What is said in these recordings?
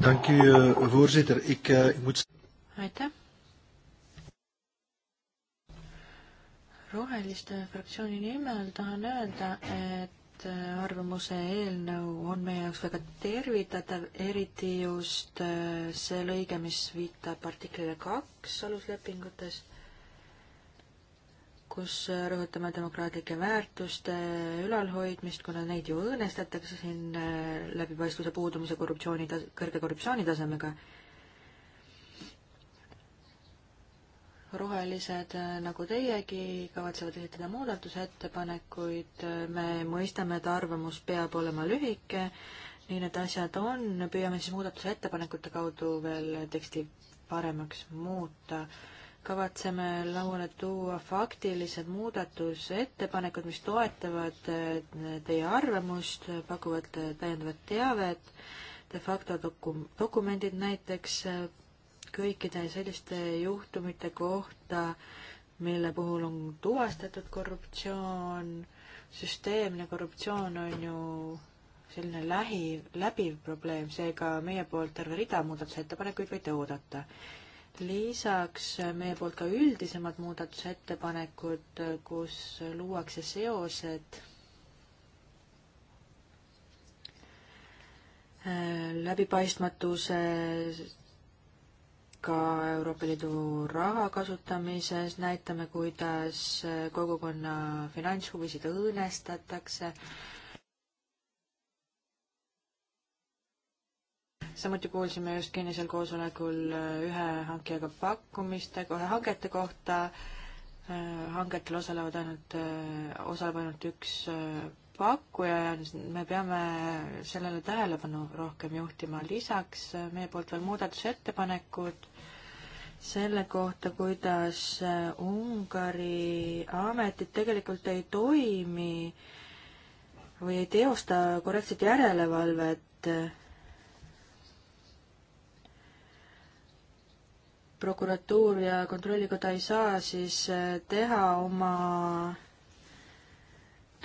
Dank u, uh, voorzitter. Ik, uh, ik moet... aitäh. roheliste fraktsiooni nimel tahan öelda, et eh, arvamuse eelnõu on meie jaoks väga tervitatav, eriti just see lõige, mis viitab artiklile kaks aluslepingutest kus rõhutame demokraatlike väärtuste ülalhoidmist, kuna neid ju õõnestatakse siin äh, läbipaistvuse puudumise korruptsiooni, kõrge korruptsioonitasemega. rohelised äh, nagu teiegi kavatsevad esitada muudatusettepanekuid, me mõistame, et arvamus peab olema lühike, nii need asjad on, püüame siis muudatusettepanekute kaudu veel teksti paremaks muuta kavatseme lauale tuua faktilised muudatusettepanekud, mis toetavad eh, teie arvamust, pakuvad täiendavat teavet, de facto dokum-, dokumendid näiteks eh, kõikide selliste juhtumite kohta, mille puhul on tuvastatud korruptsioon, süsteemne korruptsioon on ju selline lähi, läbiv probleem, seega meie poolt terve rida muudatusettepanekuid võite oodata lisaks meie poolt ka üldisemad muudatusettepanekud, kus luuakse seosed äh, läbipaistmatusega Euroopa Liidu raha kasutamises, näitame, kuidas kogukonna finantshuvisid õõnestatakse äh, samuti kuulsime just kinnisel koosolekul äh, ühe hankijaga pakkumiste, kohe hangete kohta, äh, hangetel osalevad ainult, äh, osaleb ainult üks pakkuja ja me peame sellele tähelepanu rohkem juhtima. lisaks meie poolt veel muudatusettepanekud selle kohta, kuidas Ungari ametid tegelikult ei toimi või ei teosta korrektset järelevalvet prokuratuur ja kontrollikoda ei saa siis äh, teha oma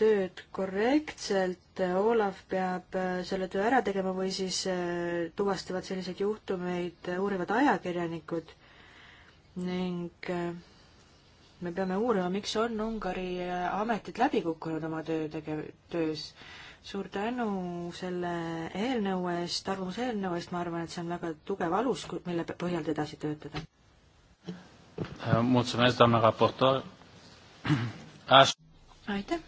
tööd korrektselt, Olav peab äh, selle töö ära tegema või siis äh, tuvastavad selliseid juhtumeid uurivad ajakirjanikud ning me peame uurima, miks on Ungari ametid läbi kukkunud oma töö tege-, töös suur tänu selle eelnõu eest, arvamuse eelnõu eest, ma arvan, et see on väga tugev alus, mille põhjal edasi töötada. Äh, äh, aitäh.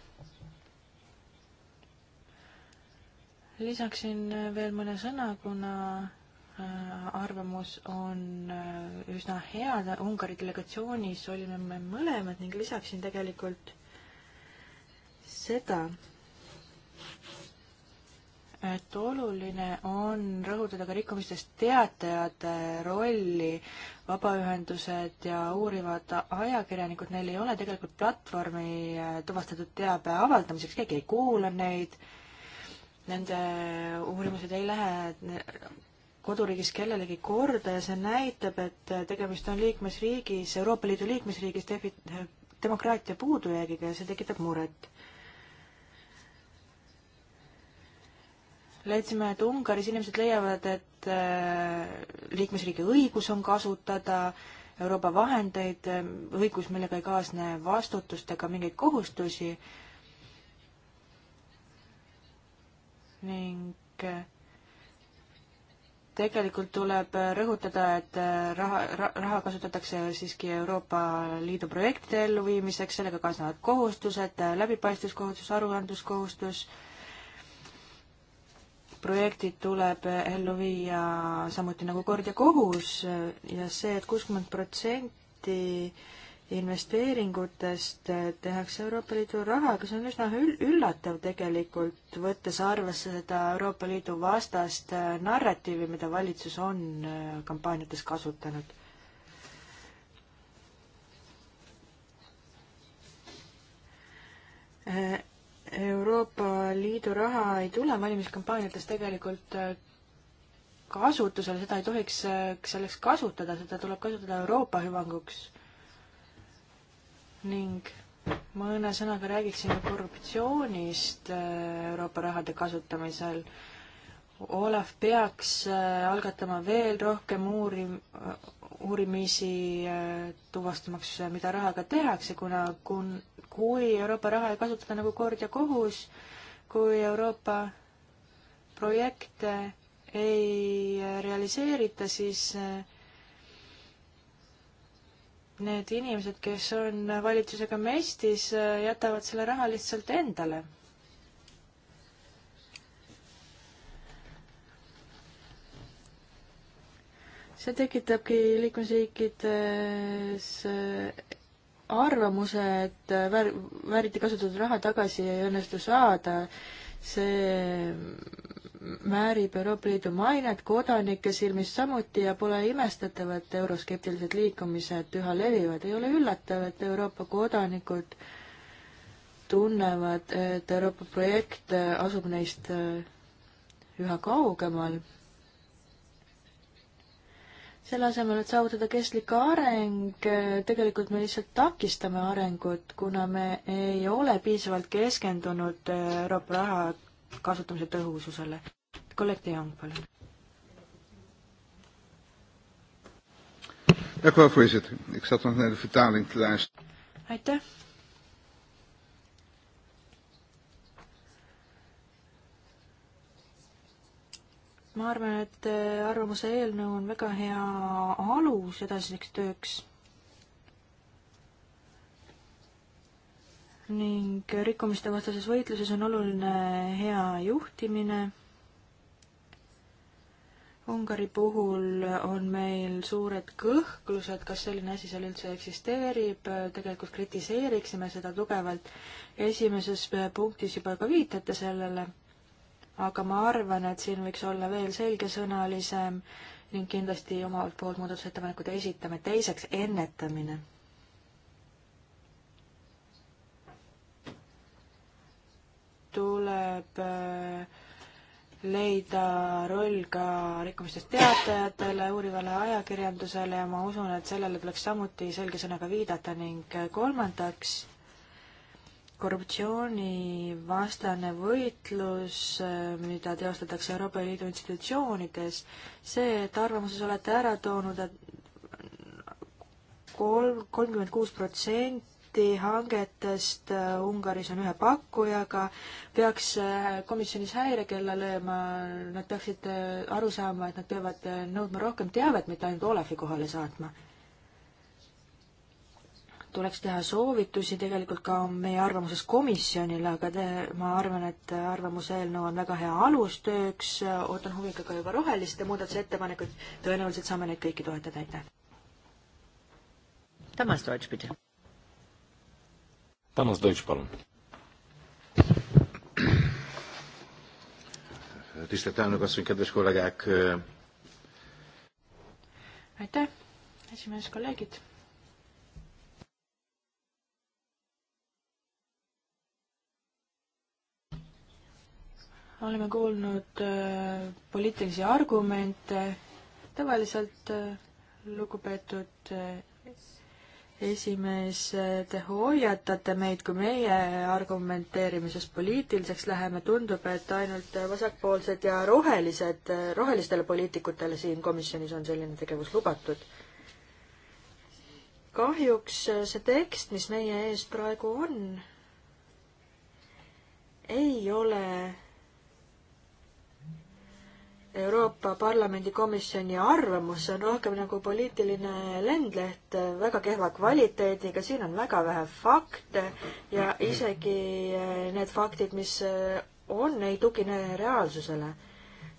lisaksin veel mõne sõna, kuna äh, arvamus on üsna hea, Ungari delegatsioonis olime me mõlemad ning lisaksin tegelikult seda, et oluline on rõhutada ka rikkumistest teatajate rolli. vabaühendused ja uurivad ajakirjanikud, neil ei ole tegelikult platvormi eh, tuvastatud teabe avaldamiseks, keegi ei kuula neid. Nende uurimused ei lähe eh, koduriigis kellelegi korda ja see näitab, et eh, tegemist on liikmesriigis, Euroopa Liidu liikmesriigis defi-, demokraatia puudujäägiga ja see tekitab muret leidsime, et Ungaris inimesed leiavad, et äh, liikmesriigi õigus on kasutada Euroopa vahendeid, äh, õigus, millega ei kaasne vastutust ega mingeid kohustusi ning äh, tegelikult tuleb rõhutada, et raha, raha kasutatakse siiski Euroopa Liidu projektide elluviimiseks, sellega kaasnevad kohustused, läbipaistvuskohustus, aruandluskohustus, projektid tuleb ellu viia samuti nagu kord ja kohus ja see et, et kuuskümmend protsenti investeeringutest tehakse Euroopa Liidu rahaga, see on üsna üllatav tegelikult, võttes arvesse seda Euroopa Liidu vastast narratiivi, mida valitsus on kampaaniates kasutanud Euroopa Liidu raha ei tule valimiskampaaniates tegelikult äh, kasutusele, seda ei tohiks äh, selleks kasutada, seda tuleb kasutada Euroopa hüvanguks. ning mõne sõnaga räägiksin korruptsioonist äh, Euroopa rahade kasutamisel. Olav peaks algatama veel rohkem uurim-, uurimisi, tuvastamaks, mida rahaga tehakse, kuna, kun-, kui Euroopa raha ei kasutata nagu kord ja kohus, kui Euroopa projekte ei realiseerita, siis eh, need inimesed, kes on valitsusega mestis, eh, jätavad selle raha lihtsalt endale. see tekitabki liikmesriikides eh, arvamuse, et väär-, vääriti kasutatud raha tagasi ei õnnestu saada, see määrib Euroopa Liidu mainet kodanike silmis samuti ja pole imestatav, et euroskeptilised liikumised üha levivad. ei ole üllatav, et Euroopa kodanikud tunnevad, et Euroopa projekt asub neist üha kaugemal selle asemel, et saavutada kestlik areng, tegelikult me lihtsalt takistame arengut, kuna me ei ole piisavalt keskendunud eh, Euroopa raha kasutamise tõhususele. kolleeg De Jong, palun. aitäh. ma arvan, et äh, arvamuse eelnõu on väga hea alus edasiseks tööks. ning rikkumiste vastases võitluses on oluline hea juhtimine. Ungari puhul on meil suured kõhklused, kas selline asi seal üldse eksisteerib, tegelikult kritiseeriksime seda tugevalt ja esimeses äh, punktis juba ka viitate sellele aga ma arvan, et siin võiks olla veel selgesõnalisem ning kindlasti omalt poolt muudatusettepanekud esitame. teiseks, ennetamine. tuleb äh, leida roll ka rikkumistest teatajatele, uurivale ajakirjandusele ja ma usun, et sellele tuleks samuti selge sõnaga viidata ning äh, kolmandaks korruptsioonivastane võitlus, äh, mida teostatakse Euroopa Liidu institutsioonides, see, et arvamuses olete ära toonud et, et kolm, kolmkümmend kuus protsenti hangetest äh, Ungaris on ühe pakkujaga, peaks äh, komisjonis häirekella lööma, nad peaksid aru saama, et nad peavad nõudma rohkem teavet, mitte ainult Olafi kohale saatma tuleks teha soovitusi tegelikult ka meie arvamuses komisjonile, aga te, ma arvan, et arvamuse eelnõu on väga hea alustööks, ootan huviga ka juba roheliste muudatusettepanekuid, tõenäoliselt saame neid kõiki toetada, aitäh. Tamas Deutsch, bitte. Tamas Deutsch, palun. tisztelt elnök asszony, kedves kollégák! aitäh, esimees, kolleegid oleme kuulnud äh, poliitilisi argumente, tavaliselt äh, lugupeetud äh, esimees, te hoiatate meid, kui meie argumenteerimises poliitiliseks läheme, tundub, et ainult vasakpoolsed ja rohelised, rohelistele poliitikutele siin komisjonis on selline tegevus lubatud. kahjuks see tekst, mis meie ees praegu on, ei ole Euroopa Parlamendi komisjoni arvamus, see on rohkem nagu poliitiline lendleht, väga kehva kvaliteediga, siin on väga vähe fakte ja isegi eh, need faktid, mis eh, on, ei tugine reaalsusele.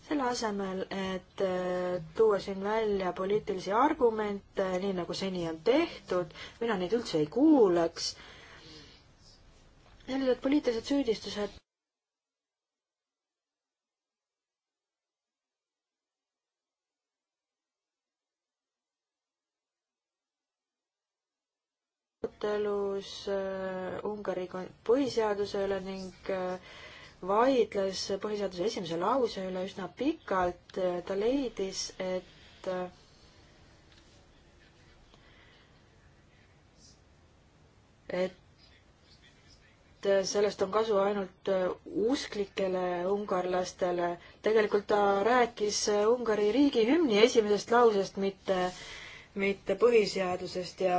selle asemel, et eh, tuua siin välja poliitilisi argumente, nii nagu seni on tehtud, mina neid üldse ei kuuleks, sellised poliitilised süüdistused arutelus äh, Ungari põhiseaduse üle ning äh, vaidles põhiseaduse esimese lause üle üsna pikalt. ta leidis, et äh, et sellest on kasu ainult usklikele ungarlastele. tegelikult ta rääkis Ungari riigihümni esimesest lausest, mitte äh, mitte põhiseadusest ja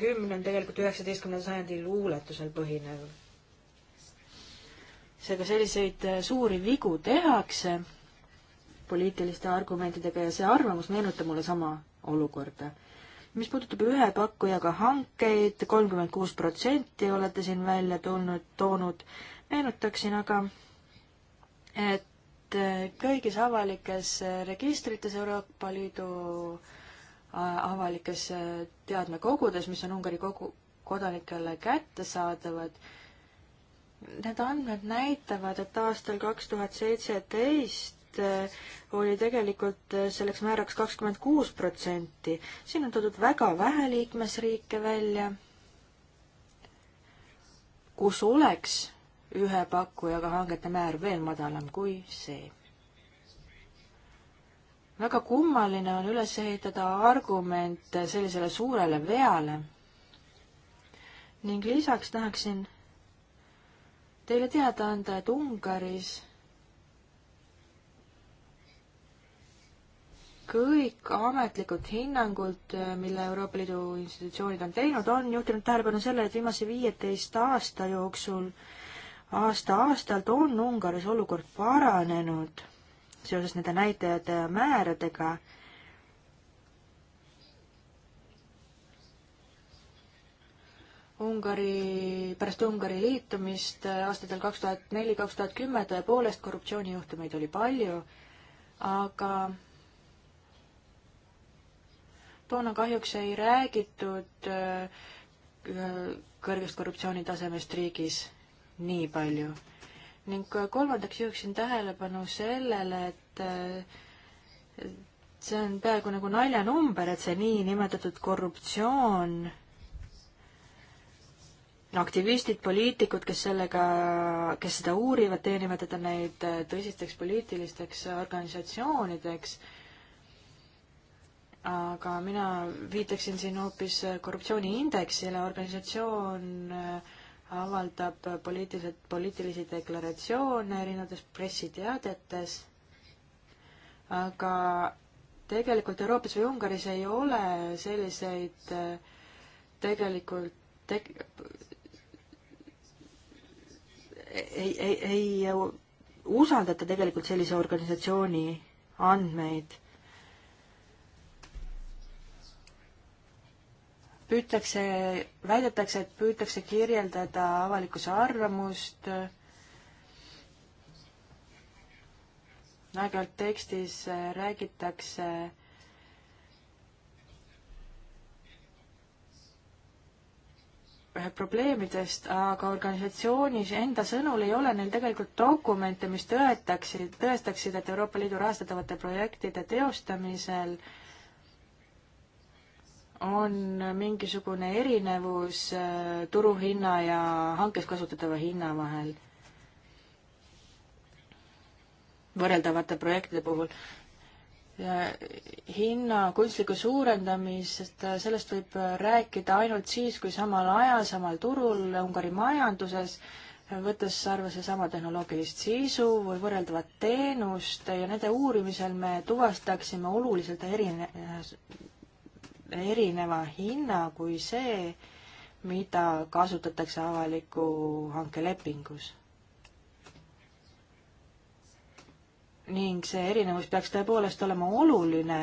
hümn on tegelikult üheksateistkümnenda sajandi luuletusel põhinev. seega selliseid äh, suuri vigu tehakse poliitiliste argumentidega ja see arvamus meenutab mulle sama olukorda. mis puudutab ühe pakkujaga hankeid, kolmkümmend kuus protsenti olete siin välja tulnud, toonud, meenutaksin aga, et Eh, kõigis avalikes eh, registrites Euroopa Liidu avalikes eh, teadmekogudes, mis on Ungari kogu, kodanikele kättesaadavad, need andmed näitavad, et aastal kaks tuhat seitseteist oli tegelikult selleks määraks kakskümmend kuus protsenti. siin on toodud väga vähe liikmesriike välja, kus oleks ühe pakkujaga hangete määr veel madalam kui see. väga kummaline on üles ehitada argumente sellisele suurele veale ning lisaks tahaksin teile teada anda, et Ungaris kõik ametlikud hinnangud, mille Euroopa Liidu institutsioonid on teinud, on juhtinud tähelepanu sellele, et viimase viieteist aasta jooksul äh, aasta-aastalt on Ungaris olukord paranenud seoses nende näitajate ja määradega. Ungari, pärast Ungari liitumist aastatel kaks tuhat neli, kaks tuhat kümme tõepoolest korruptsioonijuhtumeid oli palju, aga toona kahjuks ei räägitud äh, kõrgest korruptsioonitasemest riigis nii palju. ning kolmandaks juhiksin tähelepanu sellele, et see on peaaegu nagu naljanumber, et see niinimetatud korruptsioon aktivistid, poliitikud, kes sellega, kes seda uurivad, teie nimetate neid tõsisteks poliitilisteks organisatsioonideks, aga mina viitaksin siin hoopis korruptsiooniindeksile, organisatsioon äh, avaldab poliitiliselt, poliitilisi deklaratsioone erinevates pressiteadetes, aga tegelikult Euroopas või Ungaris ei ole selliseid äh, tegelikult te-, ei, ei, ei usaldata tegelikult sellise organisatsiooni andmeid püütakse, väidetakse, et püütakse kirjeldada avalikkuse arvamust, aeg-ajalt tekstis räägitakse probleemidest, aga organisatsioonis enda sõnul ei ole neil tegelikult dokumente, mis tõetaksid, tõestaksid, et Euroopa Liidu rahastatavate projektide teostamisel äh, on mingisugune erinevus äh, turuhinna ja hankes kasutatava hinna vahel võrreldavate projektide puhul. hinna kunstlikku suurendamist, äh, sellest võib äh, rääkida ainult siis, kui samal ajal, samal turul Ungari majanduses võttes arvesse sama tehnoloogilist sisu või võrreldavat teenust ja nende uurimisel me tuvastaksime oluliselt erine-, erineva hinna kui see, mida kasutatakse avaliku hanke lepingus. ning see erinevus peaks tõepoolest olema oluline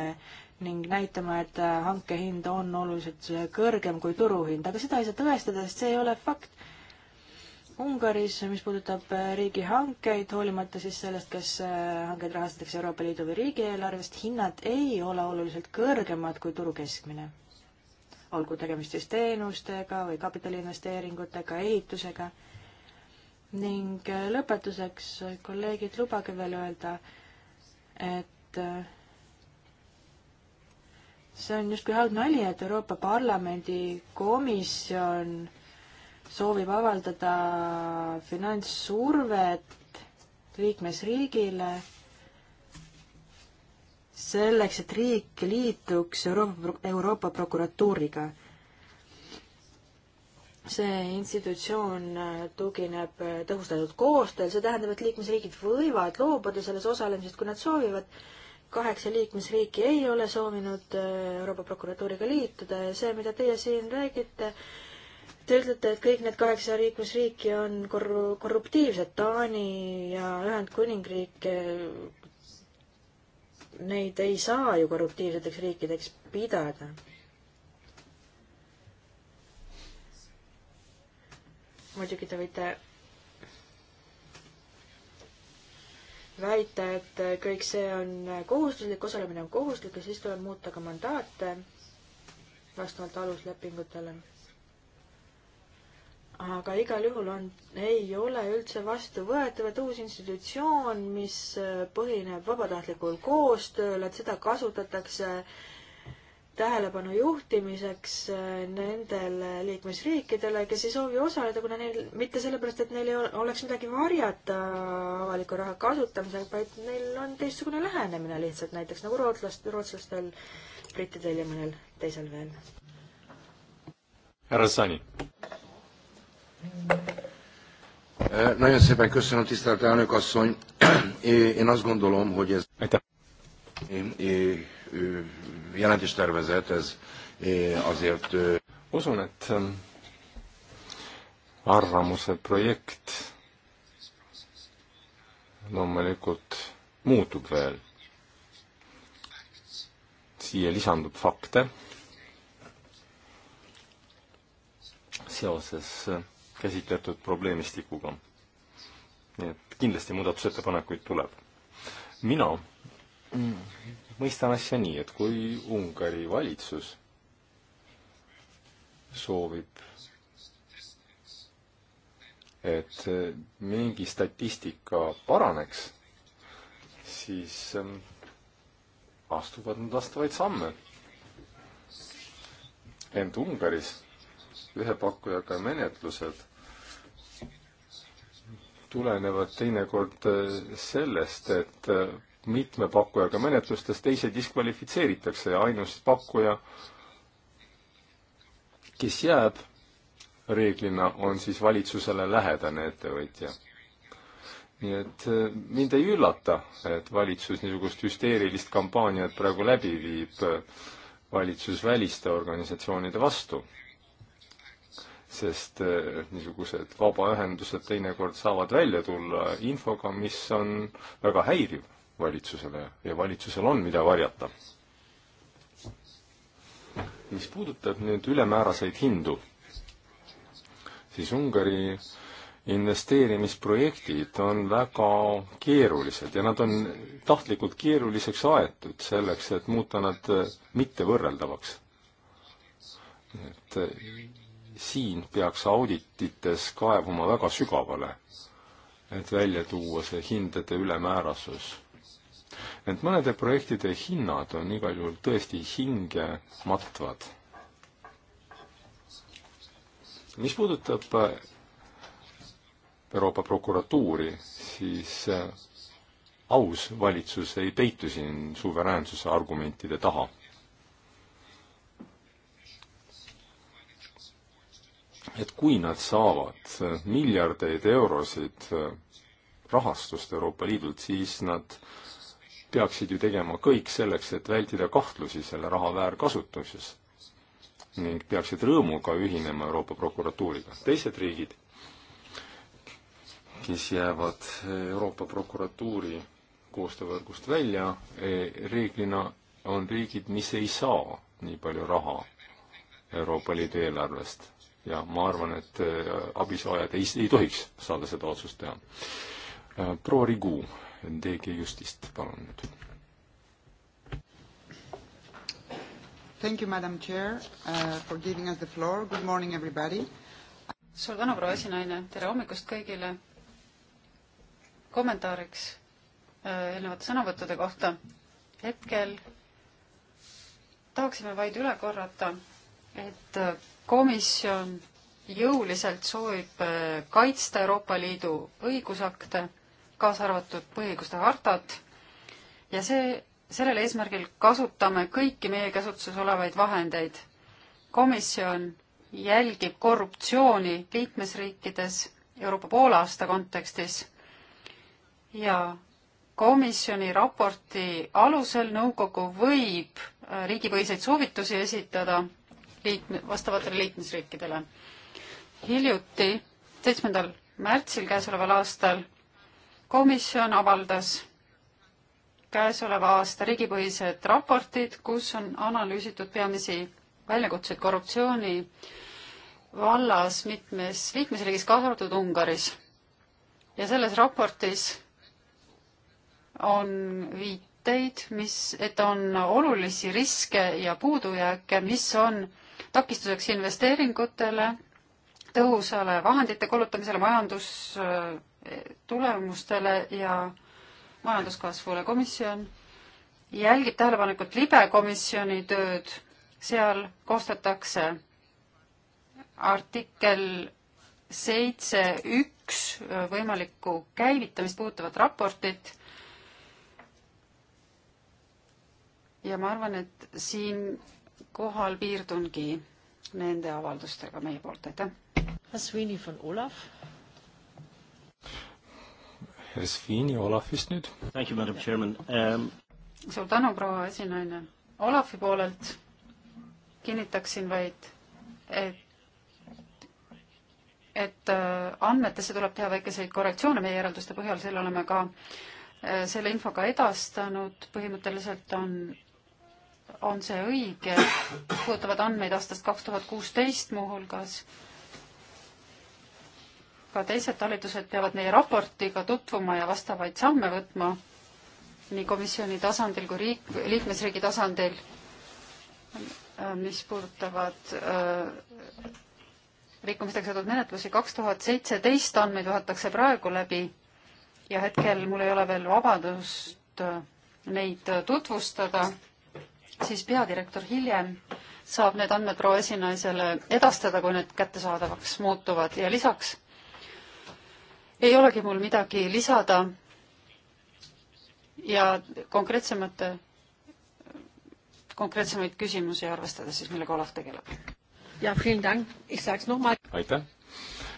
ning näitama, et hankehind on oluliselt kõrgem kui turuhind, aga seda ei saa tõestada, sest see ei ole fakt. Ungaris, mis puudutab äh, riigihankeid, hoolimata siis sellest, kas äh, hankeid rahastatakse Euroopa Liidu või riigieelarvest, hinnad ei ole oluliselt kõrgemad kui turu keskmine. olgu tegemist siis teenustega või kapitaliinvesteeringutega, ehitusega. ning äh, lõpetuseks, kolleegid, lubage veel öelda, et see on justkui halb nali, et Euroopa Parlamendi komisjon soovib avaldada finantssurvet liikmesriigile selleks, et riik liituks Euroopa, Euroopa prokuratuuriga. see institutsioon tugineb tõhustatud koostööl, see tähendab, et liikmesriigid võivad loobuda selles osalemisest, kui nad soovivad. kaheksa liikmesriiki ei ole soovinud Euroopa prokuratuuriga liituda ja see, mida teie siin räägite, Te ütlete, et kõik need kaheksa liikmesriiki on korru-, korruptiivsed, Taani ja Ühendkuningriik, eh, neid ei saa ju korruptiivseteks riikideks pidada. muidugi te võite väita, et kõik see on kohustuslik, osalemine on kohustuslik ja siis tuleb muuta ka mandaate vastavalt aluslepingutele aga igal juhul on, ei ole üldse vastuvõetav, et uus institutsioon, mis äh, põhineb vabatahtlikul koostööl, et seda kasutatakse tähelepanu juhtimiseks äh, nendele liikmesriikidele, kes ei soovi osaleda, kuna neil, mitte sellepärast, et neil ei oleks midagi varjata avaliku raha kasutamisel, vaid neil on teistsugune lähenemine lihtsalt, näiteks nagu rootslast, rootslastel, brittidel ja mõnel teisel veel. härra Sani Eh, nagyon szépen köszönöm, tisztelt elnök asszony. Én azt gondolom, hogy ez jelentéstervezet, ez azért... Usun, et arvamuse projekt loomulikult muutub veel. siia lisandub fakte seoses käsitletud probleemistikuga. nii et kindlasti muudatusettepanekuid tuleb. mina mõistan asja nii, et kui Ungari valitsus soovib, et mingi statistika paraneks, siis ähm, astuvad nad vastavaid samme. ent Ungaris ühe pakkujaga menetlused tulenevad teinekord eh, sellest, et eh, mitme pakkujaga menetlustes teise diskvalifitseeritakse ja ainus pakkuja, kes jääb, reeglina on siis valitsusele lähedane ettevõtja. nii et eh, mind ei üllata, et valitsus niisugust hüsteerilist kampaaniat praegu läbi viib valitsusväliste organisatsioonide vastu sest eh, niisugused vabaühendused teinekord saavad välja tulla infoga, mis on väga häiriv valitsusele ja valitsusel on, mida varjata. mis puudutab nüüd ülemääraseid hindu, siis Ungari investeerimisprojektid on väga keerulised ja nad on tahtlikult keeruliseks aetud selleks, et muuta nad mittevõrreldavaks. et siin peaks auditites kaevuma väga sügavale, et välja tuua see hindade ülemäärasus. et mõnede projektide hinnad on igal juhul tõesti hinge matvad. mis puudutab äh, Euroopa prokuratuuri, siis äh, aus valitsus ei peitu siin suveräänsuse argumentide taha et kui nad saavad miljardeid eurosid rahastust Euroopa Liidult, siis nad peaksid ju tegema kõik selleks, et vältida kahtlusi selle raha väärkasutuses ning peaksid rõõmuga ühinema Euroopa prokuratuuriga. teised riigid, kes jäävad Euroopa prokuratuuri koostöövõrgust välja, e, reeglina on riigid, mis ei saa nii palju raha Euroopa Liidu eelarvest ja ma arvan, et äh, abisaajad ei, ei tohiks saada seda otsust teha. Äh, proua Rigu, DG Justist, palun nüüd. Thank you, madam chair uh,, for giving us the floor, good morning everybody. suur tänu, proua esinaine, tere hommikust kõigile. kommentaariks uh, eelnevate sõnavõttude kohta. hetkel tahaksime vaid üle korrata, et uh, komisjon jõuliselt soovib äh, kaitsta Euroopa Liidu õigusakte, kaasa arvatud põhiõiguste hartat ja see, sellel eesmärgil kasutame kõiki meie käsutuses olevaid vahendeid. komisjon jälgib korruptsiooni liikmesriikides Euroopa poolaasta kontekstis ja komisjoni raporti alusel nõukogu võib äh, riigipõhiseid soovitusi esitada liikme, vastavatele liikmesriikidele. hiljuti, seitsmendal märtsil käesoleval aastal komisjon avaldas käesoleva aasta riigipõhised raportid, kus on analüüsitud peamisi väljakutseid korruptsiooni vallas mitmes liikmesriigis, kaasa arvatud Ungaris. ja selles raportis on viiteid, mis, et on olulisi riske ja puudujääke, mis on takistuseks investeeringutele, tõhusale vahendite kulutamisele, majandustulemustele eh, ja majanduskasvule. komisjon jälgib tähelepanelikult libe komisjoni tööd, seal koostatakse artikkel seitse üks võimalikku käivitamist puudutavat raportit. ja ma arvan, et siin siinkohal piirdungi nende avaldustega meie poolt, aitäh. Svini von Olav. Svini Olavist nüüd. Um... suur tänu, proua esinaine. Olavi poolelt kinnitaksin vaid, et et äh, andmetesse tuleb teha väikeseid korrektsioone meie järelduste põhjal, selle oleme ka äh, selle infoga edastanud, põhimõtteliselt on on see õige, puudutavad andmeid aastast kaks tuhat kuusteist muuhulgas. ka teised talitused peavad meie raportiga tutvuma ja vastavaid samme võtma nii komisjoni tasandil kui riik, liikmesriigi tasandil, mis puudutavad äh, rikkumistega seotud menetlusi. kaks tuhat seitseteist andmeid vaadatakse praegu läbi ja hetkel mul ei ole veel vabadust äh, neid tutvustada siis peadirektor hiljem saab need andmed proua esinaisele edastada, kui need kättesaadavaks muutuvad ja lisaks ei olegi mul midagi lisada ja konkreetsemate, konkreetsemaid küsimusi arvestada siis, millega Olav tegeleb. aitäh!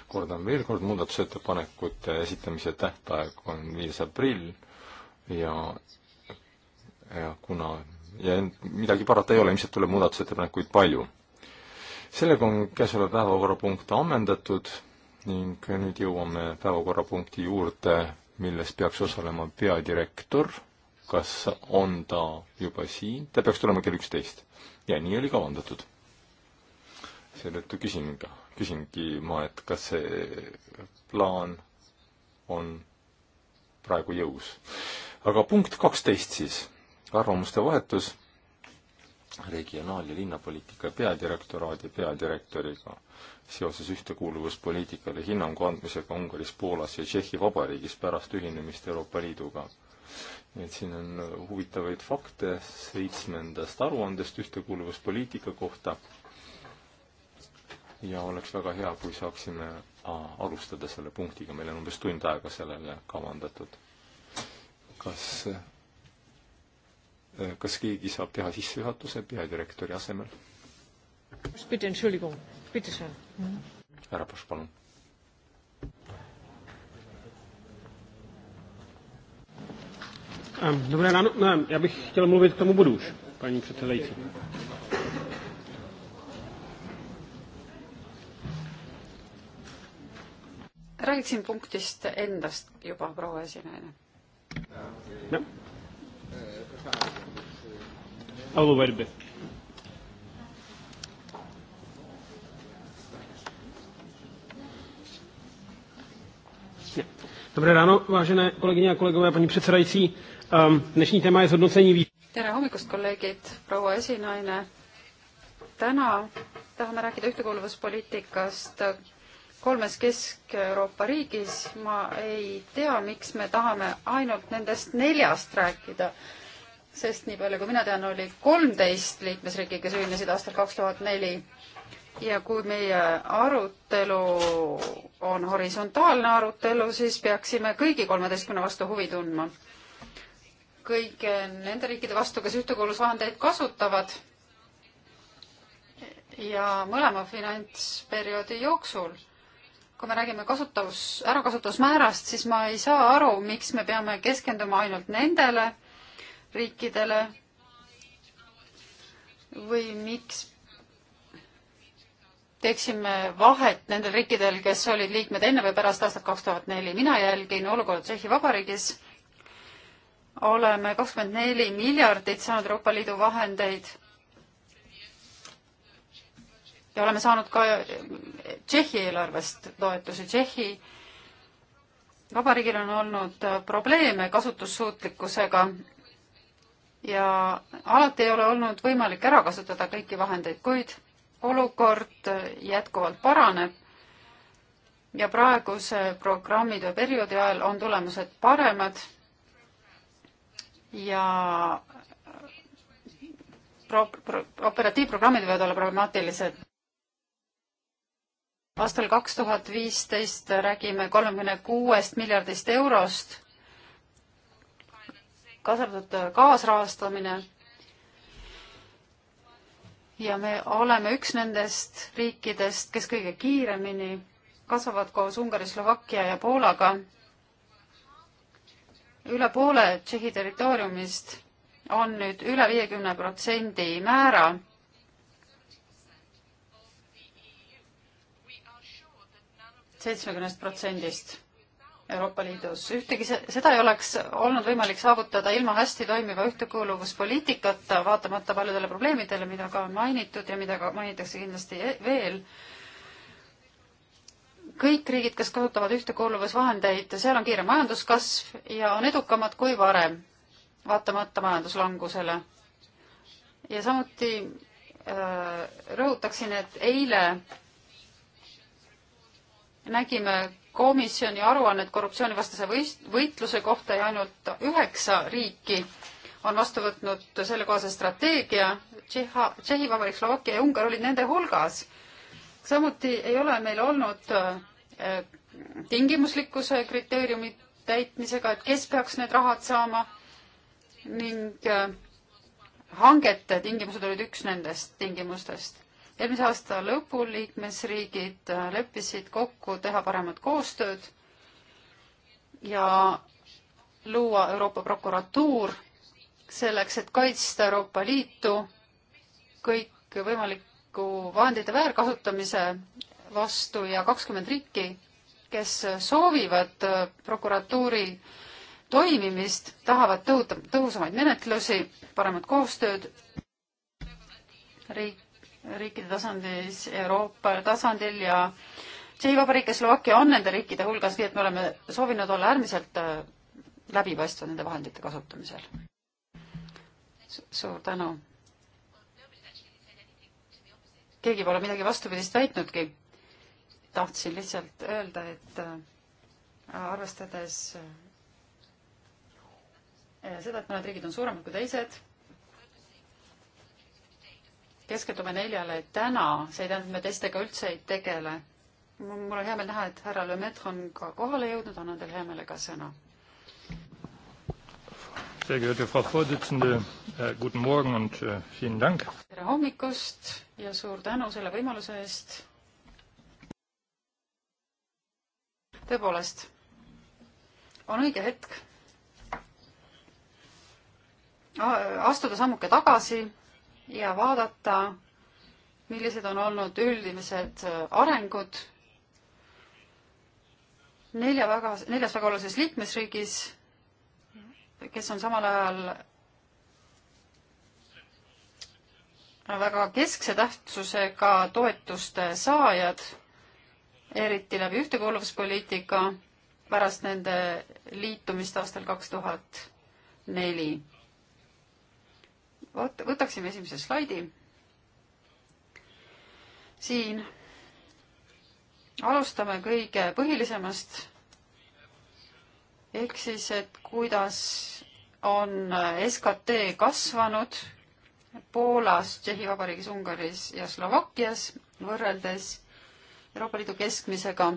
kordan veel kord, muudatusettepanekute esitamise tähtaeg on viies aprill ja, ja kuna ja midagi parata ei ole, ilmselt tuleb muudatusettepanekuid palju. sellega on käesolev päevakorrapunkt ammendatud ning nüüd jõuame päevakorrapunkti juurde, milles peaks osalema peadirektor. kas on ta juba siin? ta peaks tulema kell üksteist ja nii oli kavandatud. seetõttu küsin ka, küsingi ma, et kas see plaan on praegu jõus. aga punkt kaksteist siis arvamuste vahetus regionaal- ja linnapoliitika peadirektoraadi peadirektoriga seoses ühtekuuluvuspoliitikale hinnangu andmisega Ungaris, Poolas ja Tšehhi Vabariigis pärast ühinemist Euroopa Liiduga. nii et siin on huvitavaid fakte seitsmendast aruandest ühtekuuluvuspoliitika kohta ja oleks väga hea, kui saaksime alustada selle punktiga, meil on umbes tund aega sellele kavandatud. kas kas keegi saab teha sissejuhatuse peadirektori asemel? härra Paš, palun. Ehm, dobré ráno, ne, ehm, já bych chtěl mluvit k tomu bodu už, paní předsedající. räägiksin punktist endast juba, proua esinaine. jah. I will wait a bit. Dobré ráno, vážené kolegyně a kolegové, paní předsedající. Ehm, dnešní téma je zhodnocení tere hommikust, kolleegid, proua esinaine. täna tahame rääkida ühtekuuluvuspoliitikast kolmes Kesk-Euroopa riigis. ma ei tea, miks me tahame ainult nendest neljast rääkida sest nii palju, kui mina tean, oli kolmteist liikmesriiki, kes ühinesid aastal kaks tuhat neli. ja kui meie arutelu on horisontaalne arutelu, siis peaksime kõigi kolmeteistkümne vastu huvi tundma. kõigi nende riikide vastu, kes ühtekuuluvusvahendeid kasutavad ja mõlema finantsperioodi jooksul kui me räägime kasutavus, ärakasutusmäärast, siis ma ei saa aru, miks me peame keskenduma ainult nendele riikidele või miks teeksime vahet nendel riikidel, kes olid liikmed enne või pärast aastat kaks tuhat neli. mina jälgin olukorda Tšehhi Vabariigis. oleme kakskümmend neli miljardit saanud Euroopa Liidu vahendeid. ja oleme saanud ka Tšehhi eelarvest toetusi. Tšehhi Vabariigil on olnud probleeme kasutussuutlikkusega ja alati ei ole olnud võimalik ära kasutada kõiki vahendeid, kuid olukord jätkuvalt paraneb ja praeguse programmi tööperioodi ajal on tulemused paremad ja pro-, pro-, operatiivprogrammid võivad olla problemaatilised. aastal kaks tuhat viisteist räägime kolmekümne kuuest miljardist eurost kaasa arvatud äh, kaasrahastamine. ja me oleme üks nendest riikidest, kes kõige kiiremini kasvavad koos Ungari, Slovakkia ja Poolaga. üle poole Tšehhi territooriumist on nüüd üle viiekümne protsendi määra seitsmekümnest protsendist. Euroopa Liidus. ühtegi, seda ei oleks olnud võimalik saavutada ilma hästi toimiva ühtekuuluvuspoliitikata, vaatamata paljudele probleemidele, mida ka on mainitud ja mida ka mainitakse kindlasti e-, veel. kõik riigid, kes kasutavad ühtekuuluvusvahendeid, seal on kiire majanduskasv ja on edukamad kui varem, vaatamata majanduslangusele. ja samuti äh, rõhutaksin, et eile nägime komisjoni aruannet korruptsioonivastase võitluse kohta ja ainult üheksa riiki on vastu võtnud sellekohase strateegia. Tšehhi Vabariik, Slovakkia ja Ungar olid nende hulgas. samuti ei ole meil olnud äh, tingimuslikkuse kriteeriumi täitmisega, et kes peaks need rahad saama ning äh, hangete tingimused olid üks nendest tingimustest eelmise aasta lõpul liikmesriigid äh, leppisid kokku teha paremat koostööd ja luua Euroopa prokuratuur selleks, et kaitsta Euroopa Liitu kõikvõimaliku vahendite väärkasutamise vastu ja kakskümmend riiki, kes soovivad äh, prokuratuuri toimimist, tahavad tõhuta, tõhusamaid menetlusi, paremat koostööd riik, riikide tasandis, Euroopa tasandil ja Tšehhi Vabariik ja Slovakkia on nende riikide hulgas, nii et me oleme soovinud olla äärmiselt äh, läbipaistva nende vahendite kasutamisel Su. suur tänu. keegi pole midagi vastupidist väitnudki. tahtsin lihtsalt öelda, et äh, arvestades äh, seda, et mõned riigid on suuremad kui teised keskendume neljale täna, see ei tähenda, et me testidega üldse ei tegele. mul on hea meel näha, et härra Lemet on ka kohale jõudnud, annan teile hea meelega sõna. Sehr geehrte Frau Vorsitzende, äh, guten Morgen und äh, vielen Dank. tere hommikust ja suur tänu selle võimaluse eest. tõepoolest, on õige hetk astuda sammuke tagasi ja vaadata, millised on olnud üldised äh, arengud nelja väga, neljas väga olulises liikmesriigis, kes on samal ajal äh, väga keskse tähtsusega toetuste saajad, eriti läbi ühtekuuluvuspoliitika pärast nende liitumist aastal kaks tuhat neli. Võt-, võtaksime esimese slaidi. siin alustame kõige põhilisemast, ehk siis, et kuidas on SKT kasvanud Poolas, Tšehhi Vabariigis, Ungaris ja Slovakkias võrreldes Euroopa Liidu keskmisega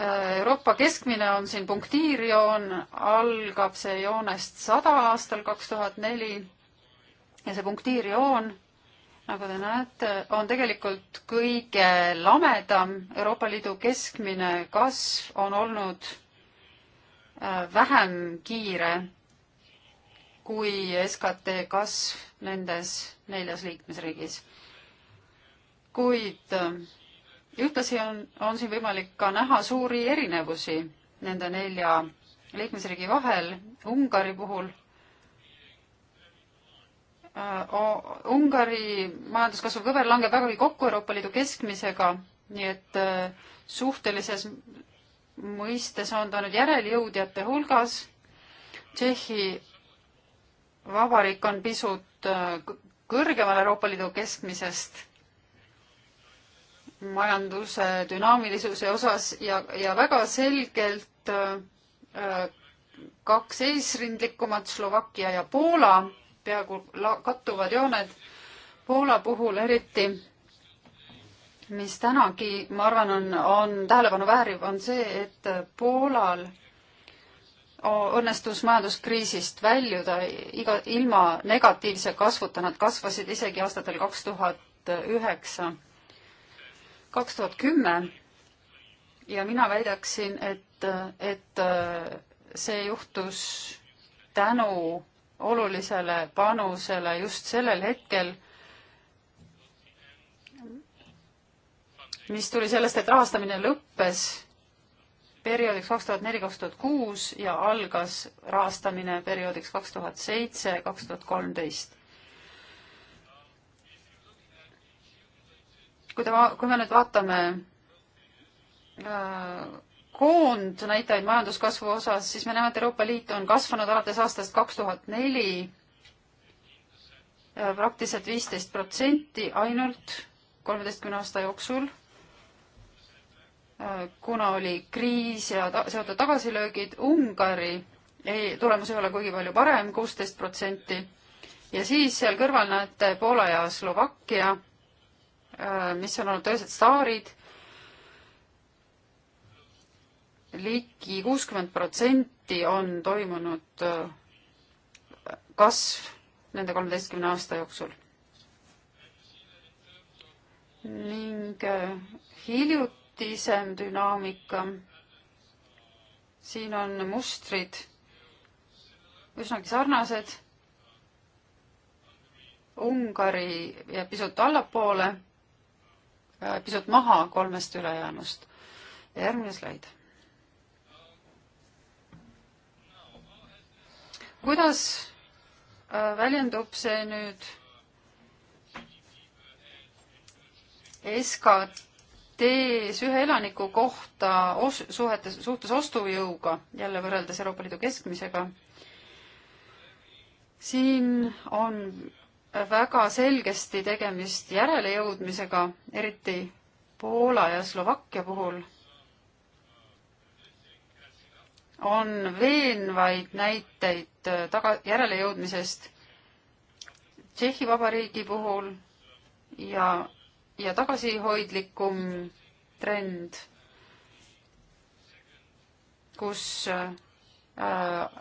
Äh, Euroopa keskmine on siin punktiirjoon, algab see joonest sada aastal kaks tuhat neli ja see punktiirjoon, nagu te näete, on tegelikult kõige lamedam. Euroopa Liidu keskmine kasv on olnud äh, vähem kiire kui SKT kasv nendes neljas liikmesriigis. kuid äh, ühtlasi on, on siin võimalik ka näha suuri erinevusi nende nelja liikmesriigi vahel. Ungari puhul uh, Ungari majanduskasvu kõver langeb vägagi kokku Euroopa Liidu keskmisega, nii et uh, suhtelises mõistes on ta nüüd järeljõudjate hulgas. Tšehhi Vabariik on pisut uh, kõrgemal Euroopa Liidu keskmisest majanduse dünaamilisuse osas ja, ja väga selgelt äh, kaks eesrindlikumat, Slovakkia ja Poola, peaaegu kattuvad jooned. Poola puhul eriti, mis tänagi, ma arvan, on, on tähelepanu vääriv, on see, et Poolal õnnestus majanduskriisist väljuda iga, ilma negatiivse kasvuta, nad kasvasid isegi aastatel kaks tuhat üheksa kaks tuhat kümme ja mina väidaksin, et, et äh, see juhtus tänu olulisele panusele just sellel hetkel, mis tuli sellest, et rahastamine lõppes perioodiks kaks tuhat neli, kaks tuhat kuus ja algas rahastamine perioodiks kaks tuhat seitse, kaks tuhat kolmteist. kui te, kui me nüüd vaatame äh, koondnäitajaid majanduskasvu osas, siis me näeme, et Euroopa Liit on kasvanud alates aastast kaks tuhat neli äh, praktiliselt viisteist protsenti ainult kolmeteistkümne aasta jooksul, äh, kuna oli kriis ja ta seotud tagasilöögid, Ungari ei, tulemus ei ole kuigi palju parem, kuusteist protsenti, ja siis seal kõrval näete Poola ja Slovakkia Äh, mis on olnud tõelised staarid ligi. ligi kuuskümmend protsenti on toimunud äh, kasv nende kolmeteistkümne aasta jooksul. ning äh, hiljutisem dünaamika, siin on mustrid üsnagi sarnased Ungari jääb pisut allapoole Äh, pisut maha kolmest ülejäänust. ja järgmine slaid. kuidas äh, väljendub see nüüd SKT-s ühe elaniku kohta os-, suhetes, suhtes ostujõuga, jälle võrreldes Euroopa Liidu keskmisega, siin on väga selgesti tegemist järelejõudmisega, eriti Poola ja Slovakkia puhul on veenvaid näiteid taga, järelejõudmisest Tšehhi Vabariigi puhul ja, ja tagasihoidlikum trend, kus äh,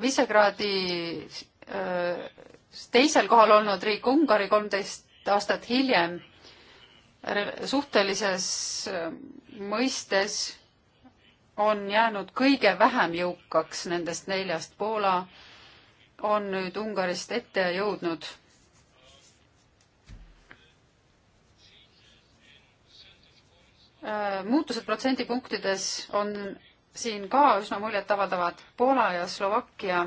Visegradi äh, teisel kohal olnud riik Ungari kolmteist aastat hiljem suhtelises äh, mõistes on jäänud kõige vähem jõukaks nendest neljast. Poola on nüüd Ungarist ette jõudnud. Äh, muutused protsendipunktides on siin ka üsna muljetavaldavad. Poola ja Slovakkia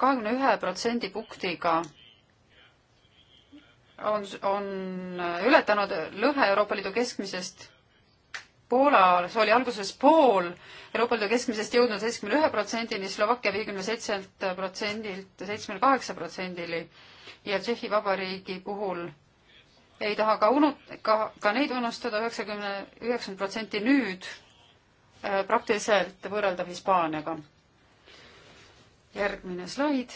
kahekümne ühe protsendipunktiga on, on ületanud lõhe Euroopa Liidu keskmisest. Poolas oli alguses pool Euroopa Liidu keskmisest jõudnud seitsmekümne ühe protsendini, Slovakkia viiekümne seitselt protsendilt seitsmekümne kaheksa protsendini ja Tšehhi Vabariigi puhul ei taha ka unu-, ka, ka neid unustada, üheksakümne, üheksakümmend protsenti nüüd äh, praktiliselt võrreldav Hispaaniaga järgmine slaid.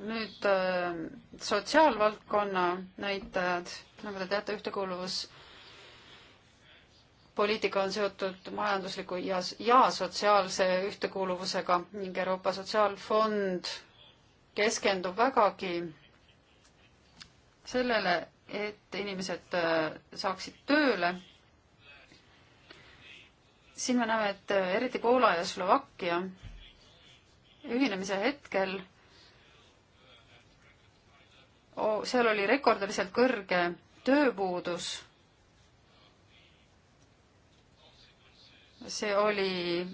nüüd äh, sotsiaalvaldkonna näitajad, nagu te teate, ühtekuuluvus poliitika on seotud majandusliku ja, ja sotsiaalse ühtekuuluvusega ning Euroopa Sotsiaalfond keskendub vägagi sellele, et inimesed äh, saaksid tööle siin me näeme, et äh, eriti Poola ja Slovakkia ühinemise hetkel oh, seal oli rekordiliselt kõrge tööpuudus. see oli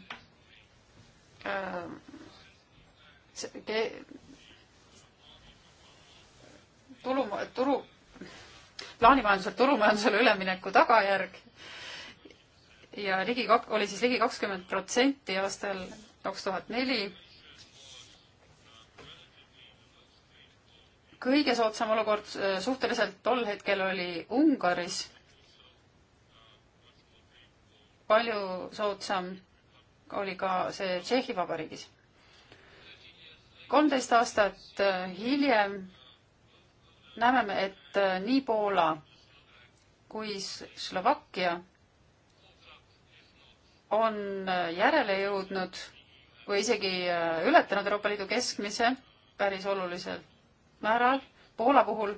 äh, see, tulu, turu, plaanimajanduselt turumajandusele ülemineku tagajärg ja ligi, oli siis ligi kakskümmend protsenti aastal kaks tuhat neli. kõige soodsam olukord äh, suhteliselt tol hetkel oli Ungaris. palju soodsam oli ka see Tšehhi Vabariigis. kolmteist aastat äh, hiljem näeme me, et äh, nii Poola kui Slovakkia on äh, järele jõudnud või isegi äh, ületanud Euroopa Liidu keskmise päris olulisel määral Poola puhul.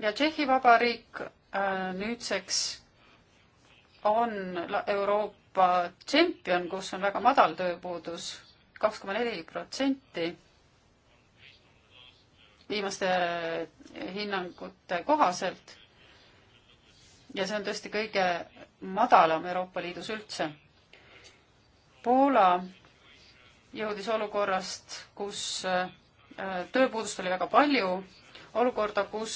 ja Tšehhi Vabariik äh, nüüdseks on Euroopa tšempion, kus on väga madal tööpuudus, kaks koma neli protsenti viimaste hinnangute kohaselt. ja see on tõesti kõige madalam Euroopa Liidus üldse. Poola jõudis olukorrast, kus äh, tööpuudust oli väga palju, olukorda, kus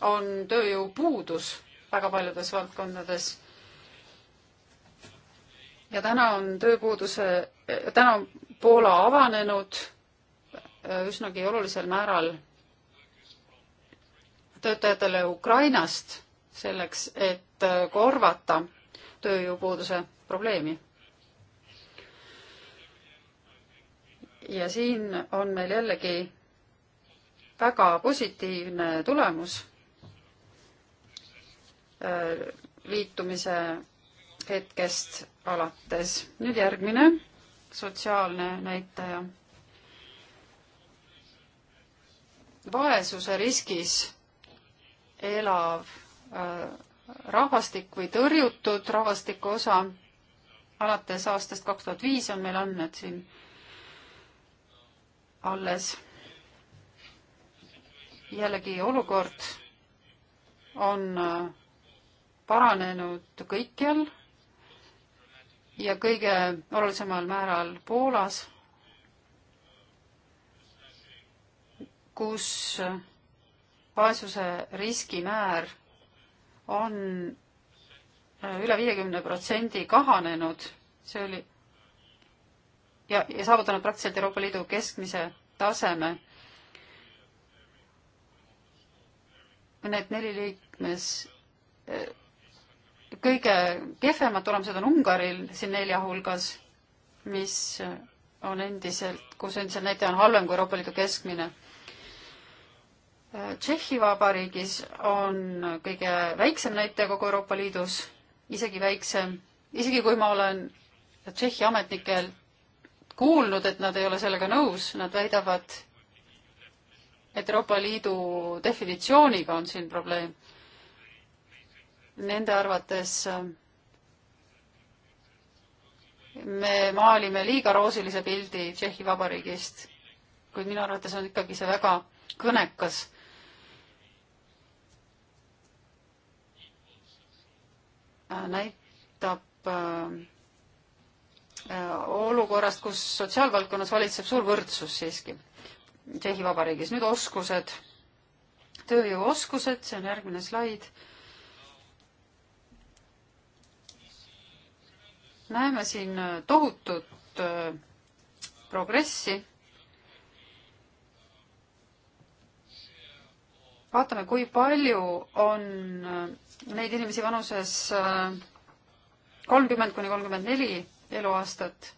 on tööjõupuudus väga paljudes valdkondades. ja täna on tööpuuduse, täna on Poola avanenud äh, üsnagi olulisel määral töötajatele Ukrainast selleks, et äh, korvata tööjõupuuduse probleemi. ja siin on meil jällegi väga positiivne tulemus äh, liitumise hetkest alates. nüüd järgmine sotsiaalne näitaja. vaesuse riskis elav Äh, rahvastik või tõrjutud rahvastiku osa. alates aastast kaks tuhat viis on meil andmed siin alles. jällegi olukord on äh, paranenud kõikjal ja kõige olulisemal määral Poolas, kus äh, vaesuse riskimäär on äh, üle viiekümne protsendi kahanenud, see oli ja, ja saavutanud praktiliselt Euroopa Liidu keskmise taseme. Need neli liikmes, äh, kõige kehvemad tulemused on Ungaril siin nelja hulgas, mis on endiselt, kus endiselt näitaja on halvem kui Euroopa Liidu keskmine Tšehhi Vabariigis on kõige väiksem näitaja kogu Euroopa Liidus, isegi väiksem, isegi kui ma olen Tšehhi ametnikel kuulnud, et nad ei ole sellega nõus, nad väidavad, et Euroopa Liidu definitsiooniga on siin probleem. Nende arvates äh, me maalime liiga roosilise pildi Tšehhi Vabariigist, kuid minu arvates on ikkagi see väga kõnekas Äh, näitab äh, äh, olukorrast, kus sotsiaalvaldkonnas valitseb suur võrdsus siiski Tšehhi Vabariigis. nüüd oskused, tööjõuoskused, see on järgmine slaid. näeme siin tohutut progressi. vaatame, kui palju on neid inimesi vanuses äh, kolmkümmend kuni kolmkümmend neli eluaastat,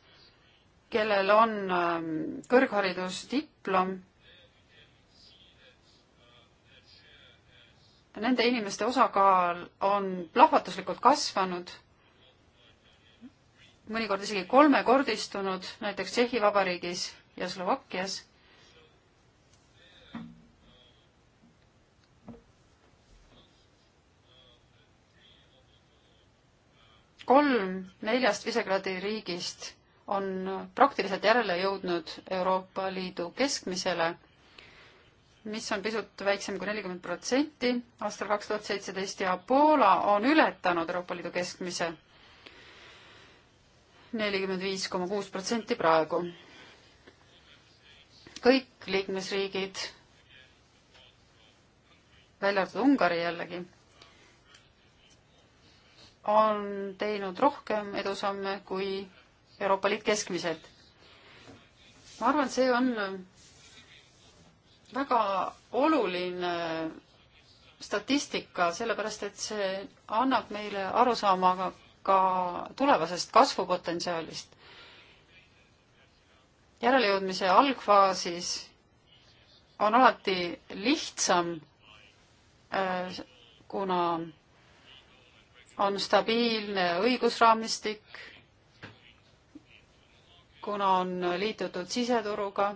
kellel on ähm, kõrgharidusdiplom. Nende inimeste osakaal on plahvatuslikult kasvanud, mõnikord isegi kolmekordistunud, näiteks Tšehhi Vabariigis ja Slovakkias kolm neljast Visegradi riigist on praktiliselt järele jõudnud Euroopa Liidu keskmisele, mis on pisut väiksem kui nelikümmend protsenti aastal kaks tuhat seitseteist ja Poola on ületanud Euroopa Liidu keskmise nelikümmend viis koma kuus protsenti praegu. kõik liikmesriigid, välja arvatud Ungari jällegi, on teinud rohkem edusamme kui Euroopa Liit keskmiselt. ma arvan, see on väga oluline statistika, sellepärast et see annab meile arusaama ka tulevasest kasvupotentsiaalist. järelejõudmise algfaasis on alati lihtsam, äh, kuna on stabiilne õigusraamistik, kuna on liitutud siseturuga.